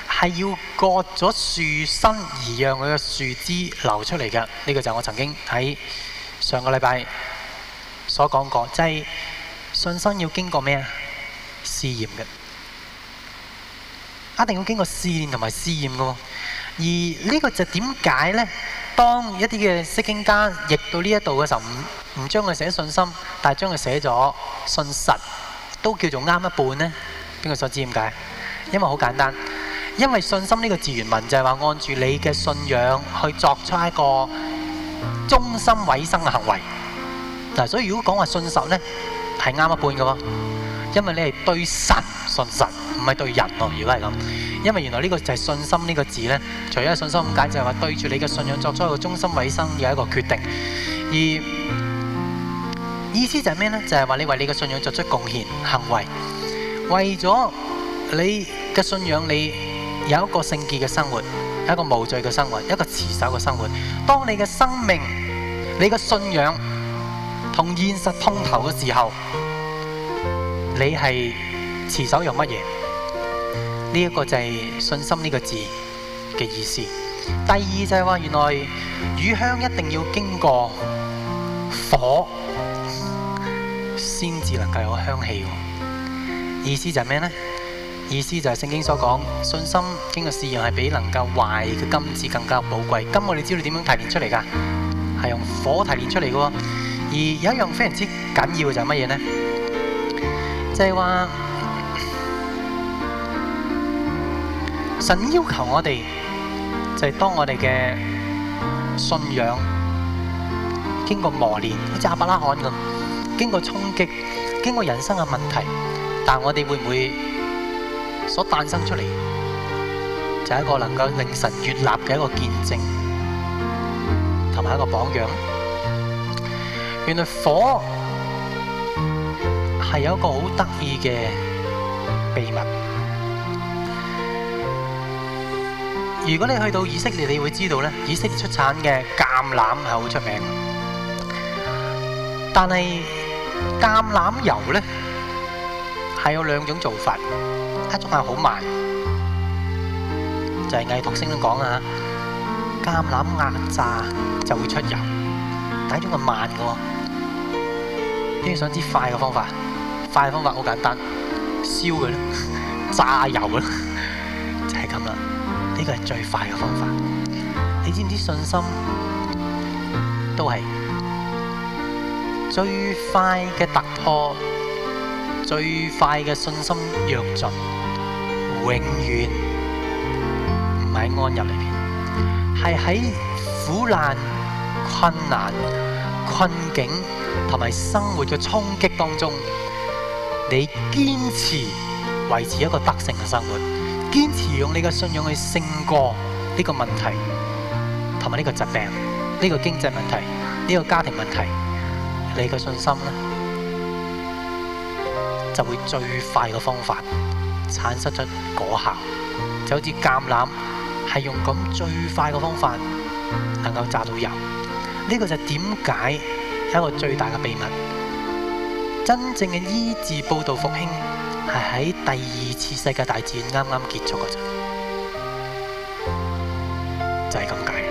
係要割咗樹身而讓佢嘅樹枝流出嚟嘅。呢個就係我曾經喺上個禮拜所講過，即係信心要經過咩啊試驗嘅。一定要經過試煉同埋試驗噶，而呢個就點解咧？當一啲嘅釋經家譯到呢一度嘅時候，唔唔將佢寫信心，但係將佢寫咗信實，都叫做啱一半咧。邊個所知點解？因為好簡單，因為信心呢個字原文就係話按住你嘅信仰去作出一個忠心委身嘅行為。嗱，所以如果講話信實咧，係啱一半噶，因為你係對神信實。唔係對人咯，如果係咁，因為原來呢個就係信心呢個字咧。除咗信心點解就係話對住你嘅信仰作出一個忠心為生嘅一個決定，而意思就係咩咧？就係話你為你嘅信仰作出貢獻行為，為咗你嘅信仰，你有一個聖潔嘅生活，一個無罪嘅生活，一個持守嘅生活。當你嘅生命、你嘅信仰同現實碰頭嘅時候，你係持守用乜嘢？呢一個就係信心呢個字嘅意思。第二就係話，原來乳香一定要經過火，先至能夠有香氣。意思就係咩呢？意思就係聖經所講，信心經過試驗係比能夠壞嘅金子更加寶貴。咁我哋知道點樣提煉出嚟噶？係用火提煉出嚟嘅。而有一樣非常之緊要嘅就係乜嘢呢？就係話。神要求我哋，就係當我哋嘅信仰經過磨練，好似阿伯拉罕咁，經過衝擊，經過人生嘅問題，但係我哋會唔會所誕生出嚟，就係一個能夠令神悅納嘅一個見證，同埋一個榜樣。原來火係有一個好得意嘅秘密。如果你去到以色列，你會知道咧，以色列出產嘅橄欖係好出名。但係橄欖油咧，係有兩種做法，一種係好慢，就係魏同升都講啊，橄欖壓榨就會出油，第二種係慢嘅喎。你想知快嘅方法？快嘅方法好簡單，燒佢啦，榨油啦。係最快嘅方法。你知唔知信心都係最快嘅突破，最快嘅信心躍進，永遠唔喺安逸裏邊，係喺苦難、困難、困境同埋生活嘅衝擊當中，你堅持維持一個得勝嘅生活。堅持用你嘅信仰去勝過呢個問題，同埋呢個疾病，呢個經濟問題，呢個家庭問題，你嘅信心咧就會最快嘅方法，產生出果效，就好似橄欖係用咁最快嘅方法能夠榨到油，呢個就點解有一個最大嘅秘密，真正嘅醫治、報道、復興。係喺第二次世界大戰啱啱結束嗰陣，就係咁解。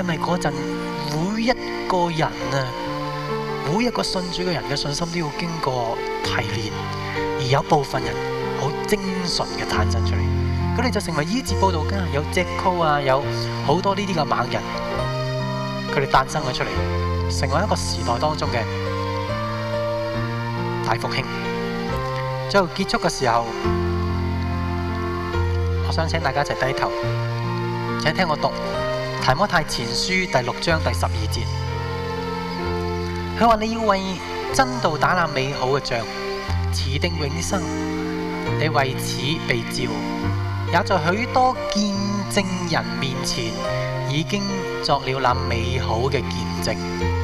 因為嗰陣每一個人啊，每一個信主嘅人嘅信心都要經過提煉，而有部分人好精純嘅誕生出嚟，佢哋就成為醫治報道家，有 Jaco 啊，有好多呢啲嘅猛人，佢哋誕生咗出嚟，成為一個時代當中嘅大復興。在結束嘅時候，我想請大家一齊低頭，請聽我讀《提摩太前書》第六章第十二節。佢話你要為真道打那美好嘅仗，持定永生。你為此被召，也在許多見證人面前已經作了那美好嘅見證。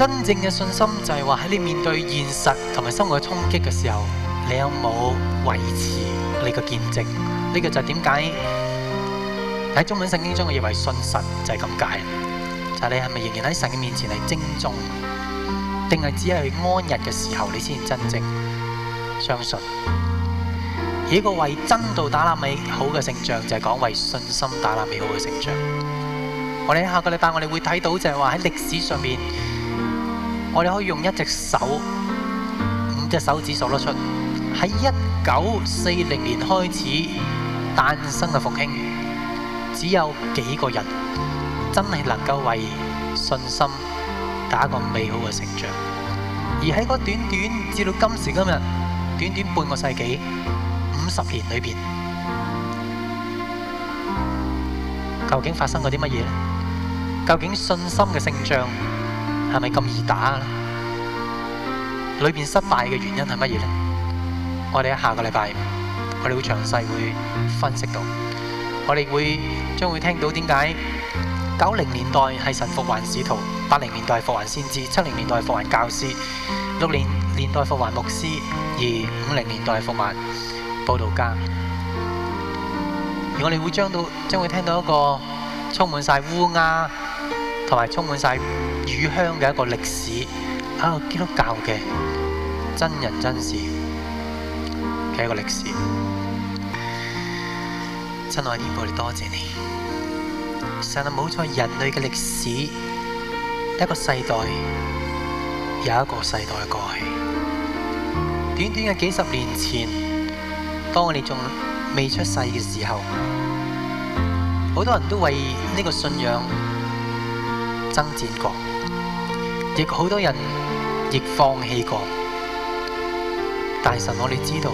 真正嘅信心就係話喺你面對現實同埋生活嘅衝擊嘅時候，你有冇維持你嘅見證？呢、這個就係點解喺中文聖經中我以為信實就係咁解。就係、是、你係咪仍然喺神嘅面前係精忠，定係只係安逸嘅時候你先真正相信？而呢個為真道打爛美好嘅聖像，就係講為信心打爛美好嘅聖像。我哋下個禮拜我哋會睇到就係話喺歷史上面。我哋可以用一隻手、五隻手指數得出，喺一九四零年開始誕生嘅復興，只有幾個人真係能夠為信心打一個美好嘅勝仗。而喺嗰短短至到今時今日，短短半個世紀、五十年裏面，究竟發生咗啲乜嘢咧？究竟信心嘅勝仗？係咪咁易打？裏邊失敗嘅原因係乜嘢呢？我哋喺下個禮拜，我哋會詳細會分析到。我哋會將會聽到點解九零年代係神復還使徒，八零年代復還先知，七零年代復還教師，六零年代復還牧師，而五零年代復還佈道家。而我哋會將到，將會聽到一個充滿晒烏鴉，同埋充滿晒。乳香嘅一個歷史，一個基督教嘅真人真事嘅一個歷史。親愛嘅天父，我哋多謝你。上帝冇錯，人類嘅歷史一個世代有一個世代過去。短短嘅幾十年前，當我哋仲未出世嘅時候，好多人都為呢個信仰爭戰過。亦好多人亦放棄過，大神我哋知道，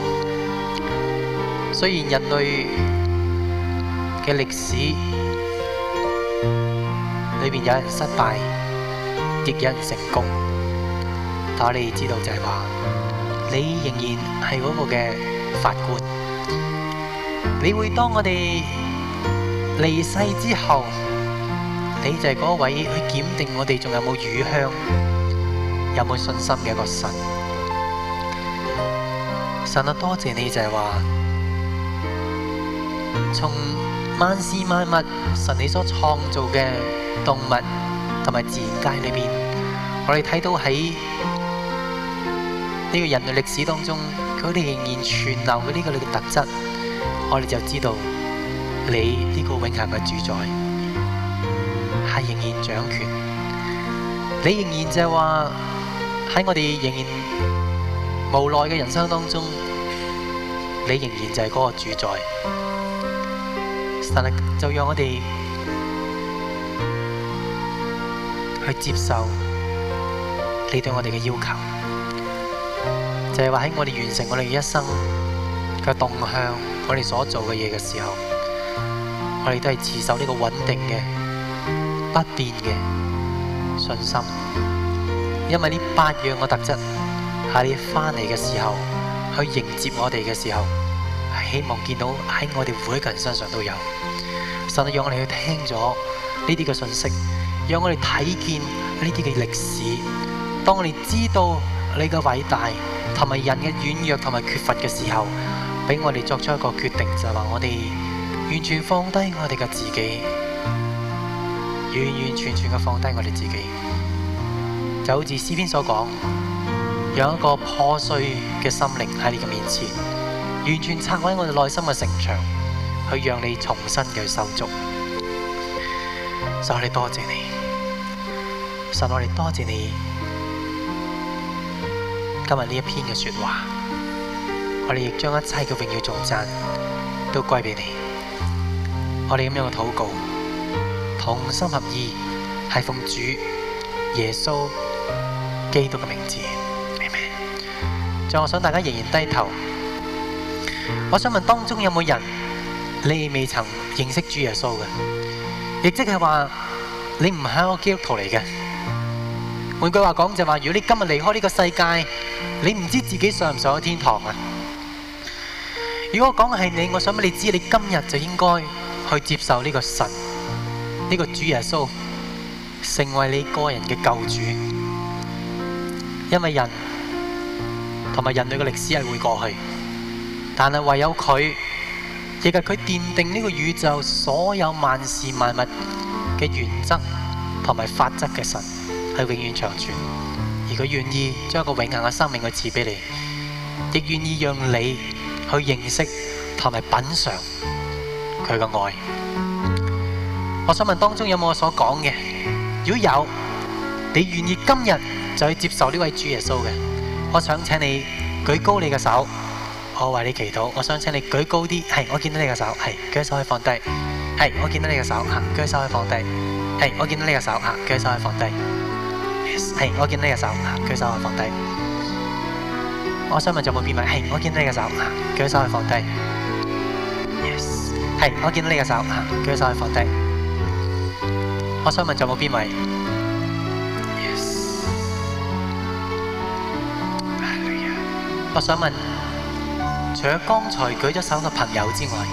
雖然人類嘅歷史裏面有人失敗，亦有人成功，但係我哋知道就係話，你仍然係嗰個嘅法官，你會當我哋離世之後。你就係嗰位去鑑定我哋仲有冇馀香，有冇信心嘅一個神。神啊，多謝你就係、是、話，從萬事萬物神你所創造嘅動物同埋自然界裏邊，我哋睇到喺呢個人類歷史當中，佢哋仍然存留嘅呢個你嘅特質，我哋就知道你呢個永恆嘅主宰，是仍然掌權，你仍然就係話喺我哋仍然無奈嘅人生當中，你仍然就是嗰個主宰。但係就讓我哋去接受你對我哋嘅要求，就係話喺我哋完成我哋嘅一生嘅動向，我哋所做嘅嘢嘅時候，我哋都是持守呢個穩定嘅。不變嘅信心，因為呢八樣嘅特質喺你翻嚟嘅時候，去迎接我哋嘅時候，係希望見到喺我哋每一個人身上都有。甚至讓我哋去聽咗呢啲嘅信息，讓我哋睇見呢啲嘅歷史。當我哋知道你嘅偉大同埋人嘅軟弱同埋缺乏嘅時候，俾我哋作出一個決定，就係話我哋完全放低我哋嘅自己。完完全全嘅放低我哋自己，就好似詩篇所講，有一個破碎嘅心靈喺你嘅面前，完全拆毀我哋內心嘅城牆，去讓你重新嘅收足。神，我哋多謝你；神，我哋多謝你。今日呢一篇嘅說話，我哋亦將一切嘅榮耀頌讚都歸俾你。我哋咁樣嘅禱告。同心合意，係奉主耶穌基督嘅名字。就我想大家仍然低頭。我想問當中有冇人你未曾認識主耶穌嘅？亦即係話你唔係我基督徒嚟嘅。換句話講就話，如果你今日離開呢個世界，你唔知自己上唔上天堂啊？如果講係你，我想俾你知，你今日就應該去接受呢個神。呢個主耶穌成為你個人嘅救主，因為人同埋人類嘅歷史係會過去，但係唯有佢，亦係佢奠定呢個宇宙所有萬事萬物嘅原則同埋法則嘅神係永遠長存。而佢願意將一個永恆嘅生命去賜俾你，亦願意讓你去認識同埋品嘗佢嘅愛。我想問當中有冇我所講嘅？如果有，你願意今日就去接受呢位主耶穌嘅？我想請你舉高你嘅手，我為你祈禱。我想請你舉高啲，係我見到你嘅手，係舉手可以放低。係我見到你嘅手，舉手可以放低。係我見到你嘅手，舉手可以放低。係我見到你嘅手，舉手可以放低。我想問有冇變埋？係我見到你嘅手，舉手可以放低。係 Yes. 我見到你嘅手，舉手可以放低。Yes. 我我想問仲有冇邊位？我想問，除咗剛才舉咗手嘅朋友之外，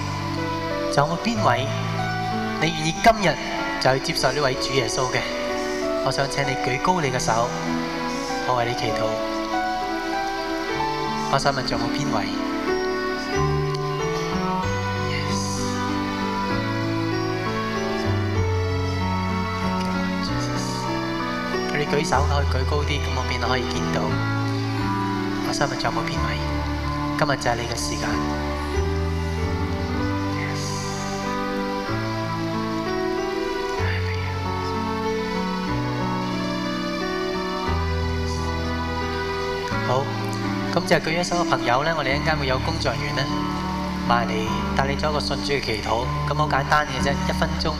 仲有冇邊位？你願意今日就去接受呢位主耶穌嘅？我想請你舉高你嘅手，我為你祈禱。我想問仲有冇邊位？舉手可以舉高啲，咁我便可以見到。我今日有冇變位？今日就係你嘅時間。好，咁就舉一手嘅朋友咧。我哋一陣間會有工作人員咧，帶嚟帶你做一個信主嘅祈禱。咁好簡單嘅啫，一分鐘。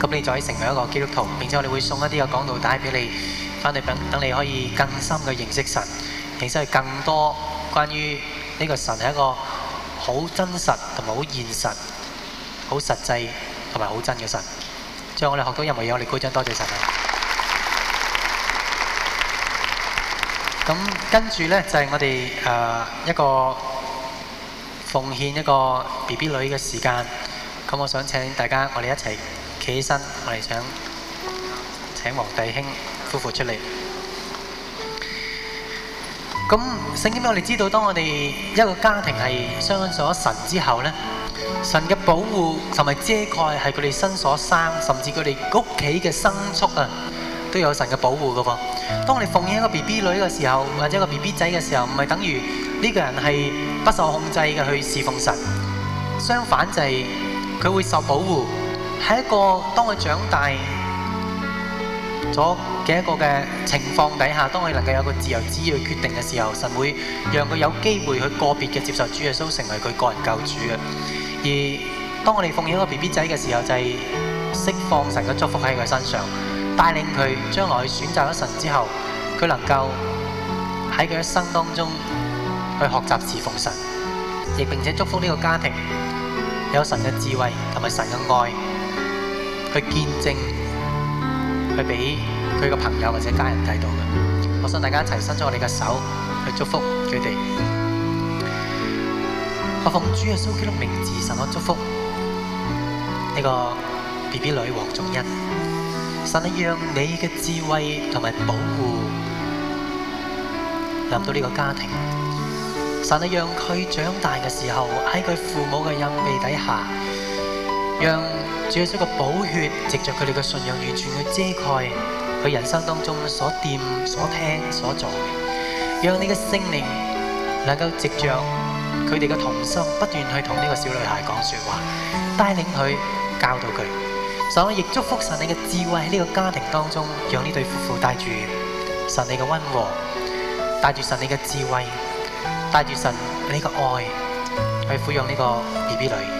咁你就可以成為一個基督徒，並且我哋會送一啲嘅講道帶俾你，翻嚟等等，你可以更深嘅認識神，認識更多關於呢個神係一個好真實同埋好現實、好實際同埋好真嘅神。將我哋學到任何嘢，我哋鼓掌，多謝神啊！咁跟住呢就係我哋誒一個奉獻一個 BB 女嘅時間。咁我想請大家我哋一齊，企起身，我哋想請王弟兄夫婦出嚟。咁聖經畀我哋知道，當我哋一個家庭係相信咗神之後咧，神嘅保護同埋遮蓋係佢哋身所生，甚至佢哋屋企嘅牲畜啊，都有神嘅保護㗎噃。當我哋奉獻一個 B B 女嘅時候，或者一個 B B 仔嘅時候，唔係等於呢個人係不受控制嘅去侍奉神。相反就係佢會受保護。喺一個當佢長大咗嘅一個嘅情況底下，當佢能夠有個自由之意去決定嘅時候，神會讓佢有機會去個別嘅接受主耶穌成為佢個人救主嘅。而當我哋奉獻一個 BB 仔嘅時候，就係、是、釋放神嘅祝福喺佢身上，帶領佢將來選擇咗神之後，佢能夠喺佢一生當中去學習侍奉神，亦並且祝福呢個家庭有神嘅智慧同埋神嘅愛。去見證，去俾佢個朋友或者家人睇到嘅。我想大家一齊伸出我哋嘅手去祝福佢哋。我奉主耶穌基督嘅名字，神我祝福呢、這個 B B 女黃仲欣。神你讓你嘅智慧同埋保護臨到呢個家庭。神你讓佢長大嘅時候喺佢父母嘅蔭庇底下。讓主耶穌嘅寶血藉着佢哋嘅信仰完全去遮蓋佢人生當中所掂所聽所做，讓你嘅聖靈能夠藉着佢哋嘅童心不斷去同呢個小女孩講說話，帶領佢教導佢，所以亦祝福神你嘅智慧喺呢個家庭當中，讓呢對夫婦帶住神你嘅溫和，帶住神你嘅智慧，帶住神你嘅愛去撫養呢個 BB 女。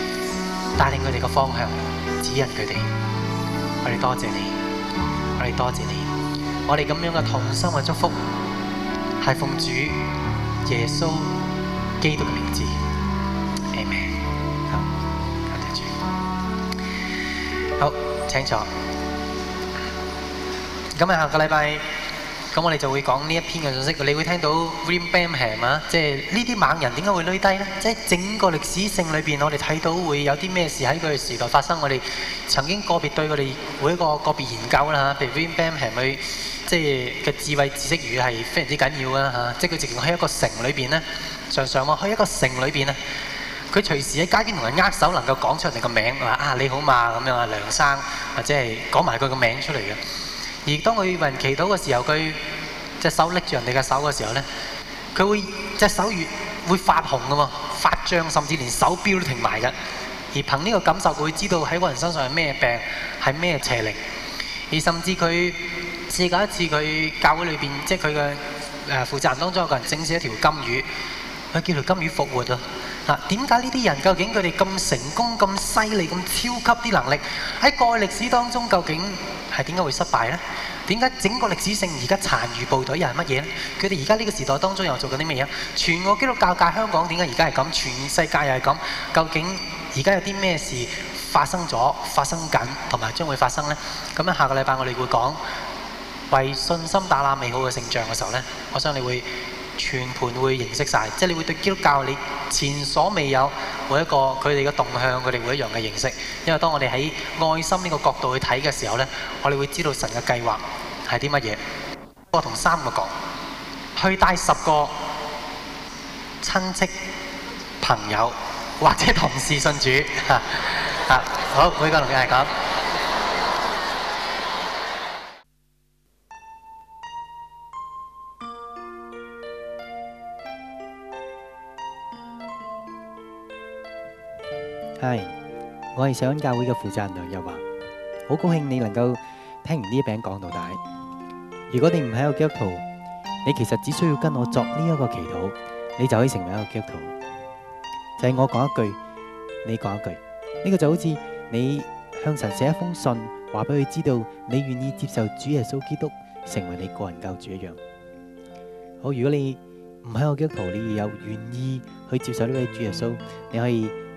帶領他們的方向，指引他們。我們多謝你，我們多謝你。我們這樣的同心的祝福，是奉主耶穌基督的名字。阿門。好，多謝主。好，請坐。今天下個禮拜。咁我哋就會講呢一篇嘅信息，你會聽到 Ram Bam Ham 啊，即係呢啲猛人點解會衰低咧？即係整個歷史性裏邊，我哋睇到會有啲咩事喺佢嘅時代發生。我哋曾經個別對佢哋每一個個別研究啦嚇，譬如 Ram Bam Ham 佢即係嘅智慧知識語係非常之緊要啊嚇，即係佢直情喺一個城裏邊咧，常常喎去一個城裏邊咧，佢隨時喺街邊同人握手，能夠講出人哋個名，話啊，你好嘛咁樣啊，梁生或者係講埋佢個名出嚟嘅。而當佢為人祈禱嘅時候，佢隻手拎住人哋嘅手嘅時候呢，佢會隻手越會發紅㗎喎，發脹，甚至連手錶都停埋㗎。而憑呢個感受，佢會知道喺嗰人身上係咩病，係咩邪靈。而甚至佢試過一次，佢教會裏邊即係佢嘅誒負責人當中他有個人整死一條金魚，佢叫條金魚復活啊！嗱，點解呢啲人究竟佢哋咁成功、咁犀利、咁超級啲能力喺過去歷史當中究竟？點解會失敗呢？點解整個歷史性而家殘餘部隊又係乜嘢咧？佢哋而家呢個時代當中又做緊啲乜嘢？全個基督教界香港點解而家係咁？全世界又係咁？究竟而家有啲咩事發生咗、發生緊，同埋將會發生呢？咁樣下個禮拜我哋會講為信心打攬美好嘅勝仗嘅時候呢，我想你會。全盤會認識晒，即係你會對基督教你前所未有每一個佢哋嘅動向，佢哋會一樣嘅認識。因為當我哋喺愛心呢個角度去睇嘅時候呢，我哋會知道神嘅計劃係啲乜嘢。我同三個角去帶十個親戚朋友或者同事信主。嚇！啊，好，每個同你係講。係，我係上恩教會嘅負責人梁日華，好高興你能夠聽完呢一片講道帶。如果你唔喺個基督徒，你其實只需要跟我作呢一個祈禱，你就可以成為一個基督徒。就係我講一句，你講一句，呢個就好似你向神寫一封信，話俾佢知道你願意接受主耶穌基督成為你個人救主一樣。好，如果你唔喺個基督徒，你又願意去接受呢位主耶穌，你可以。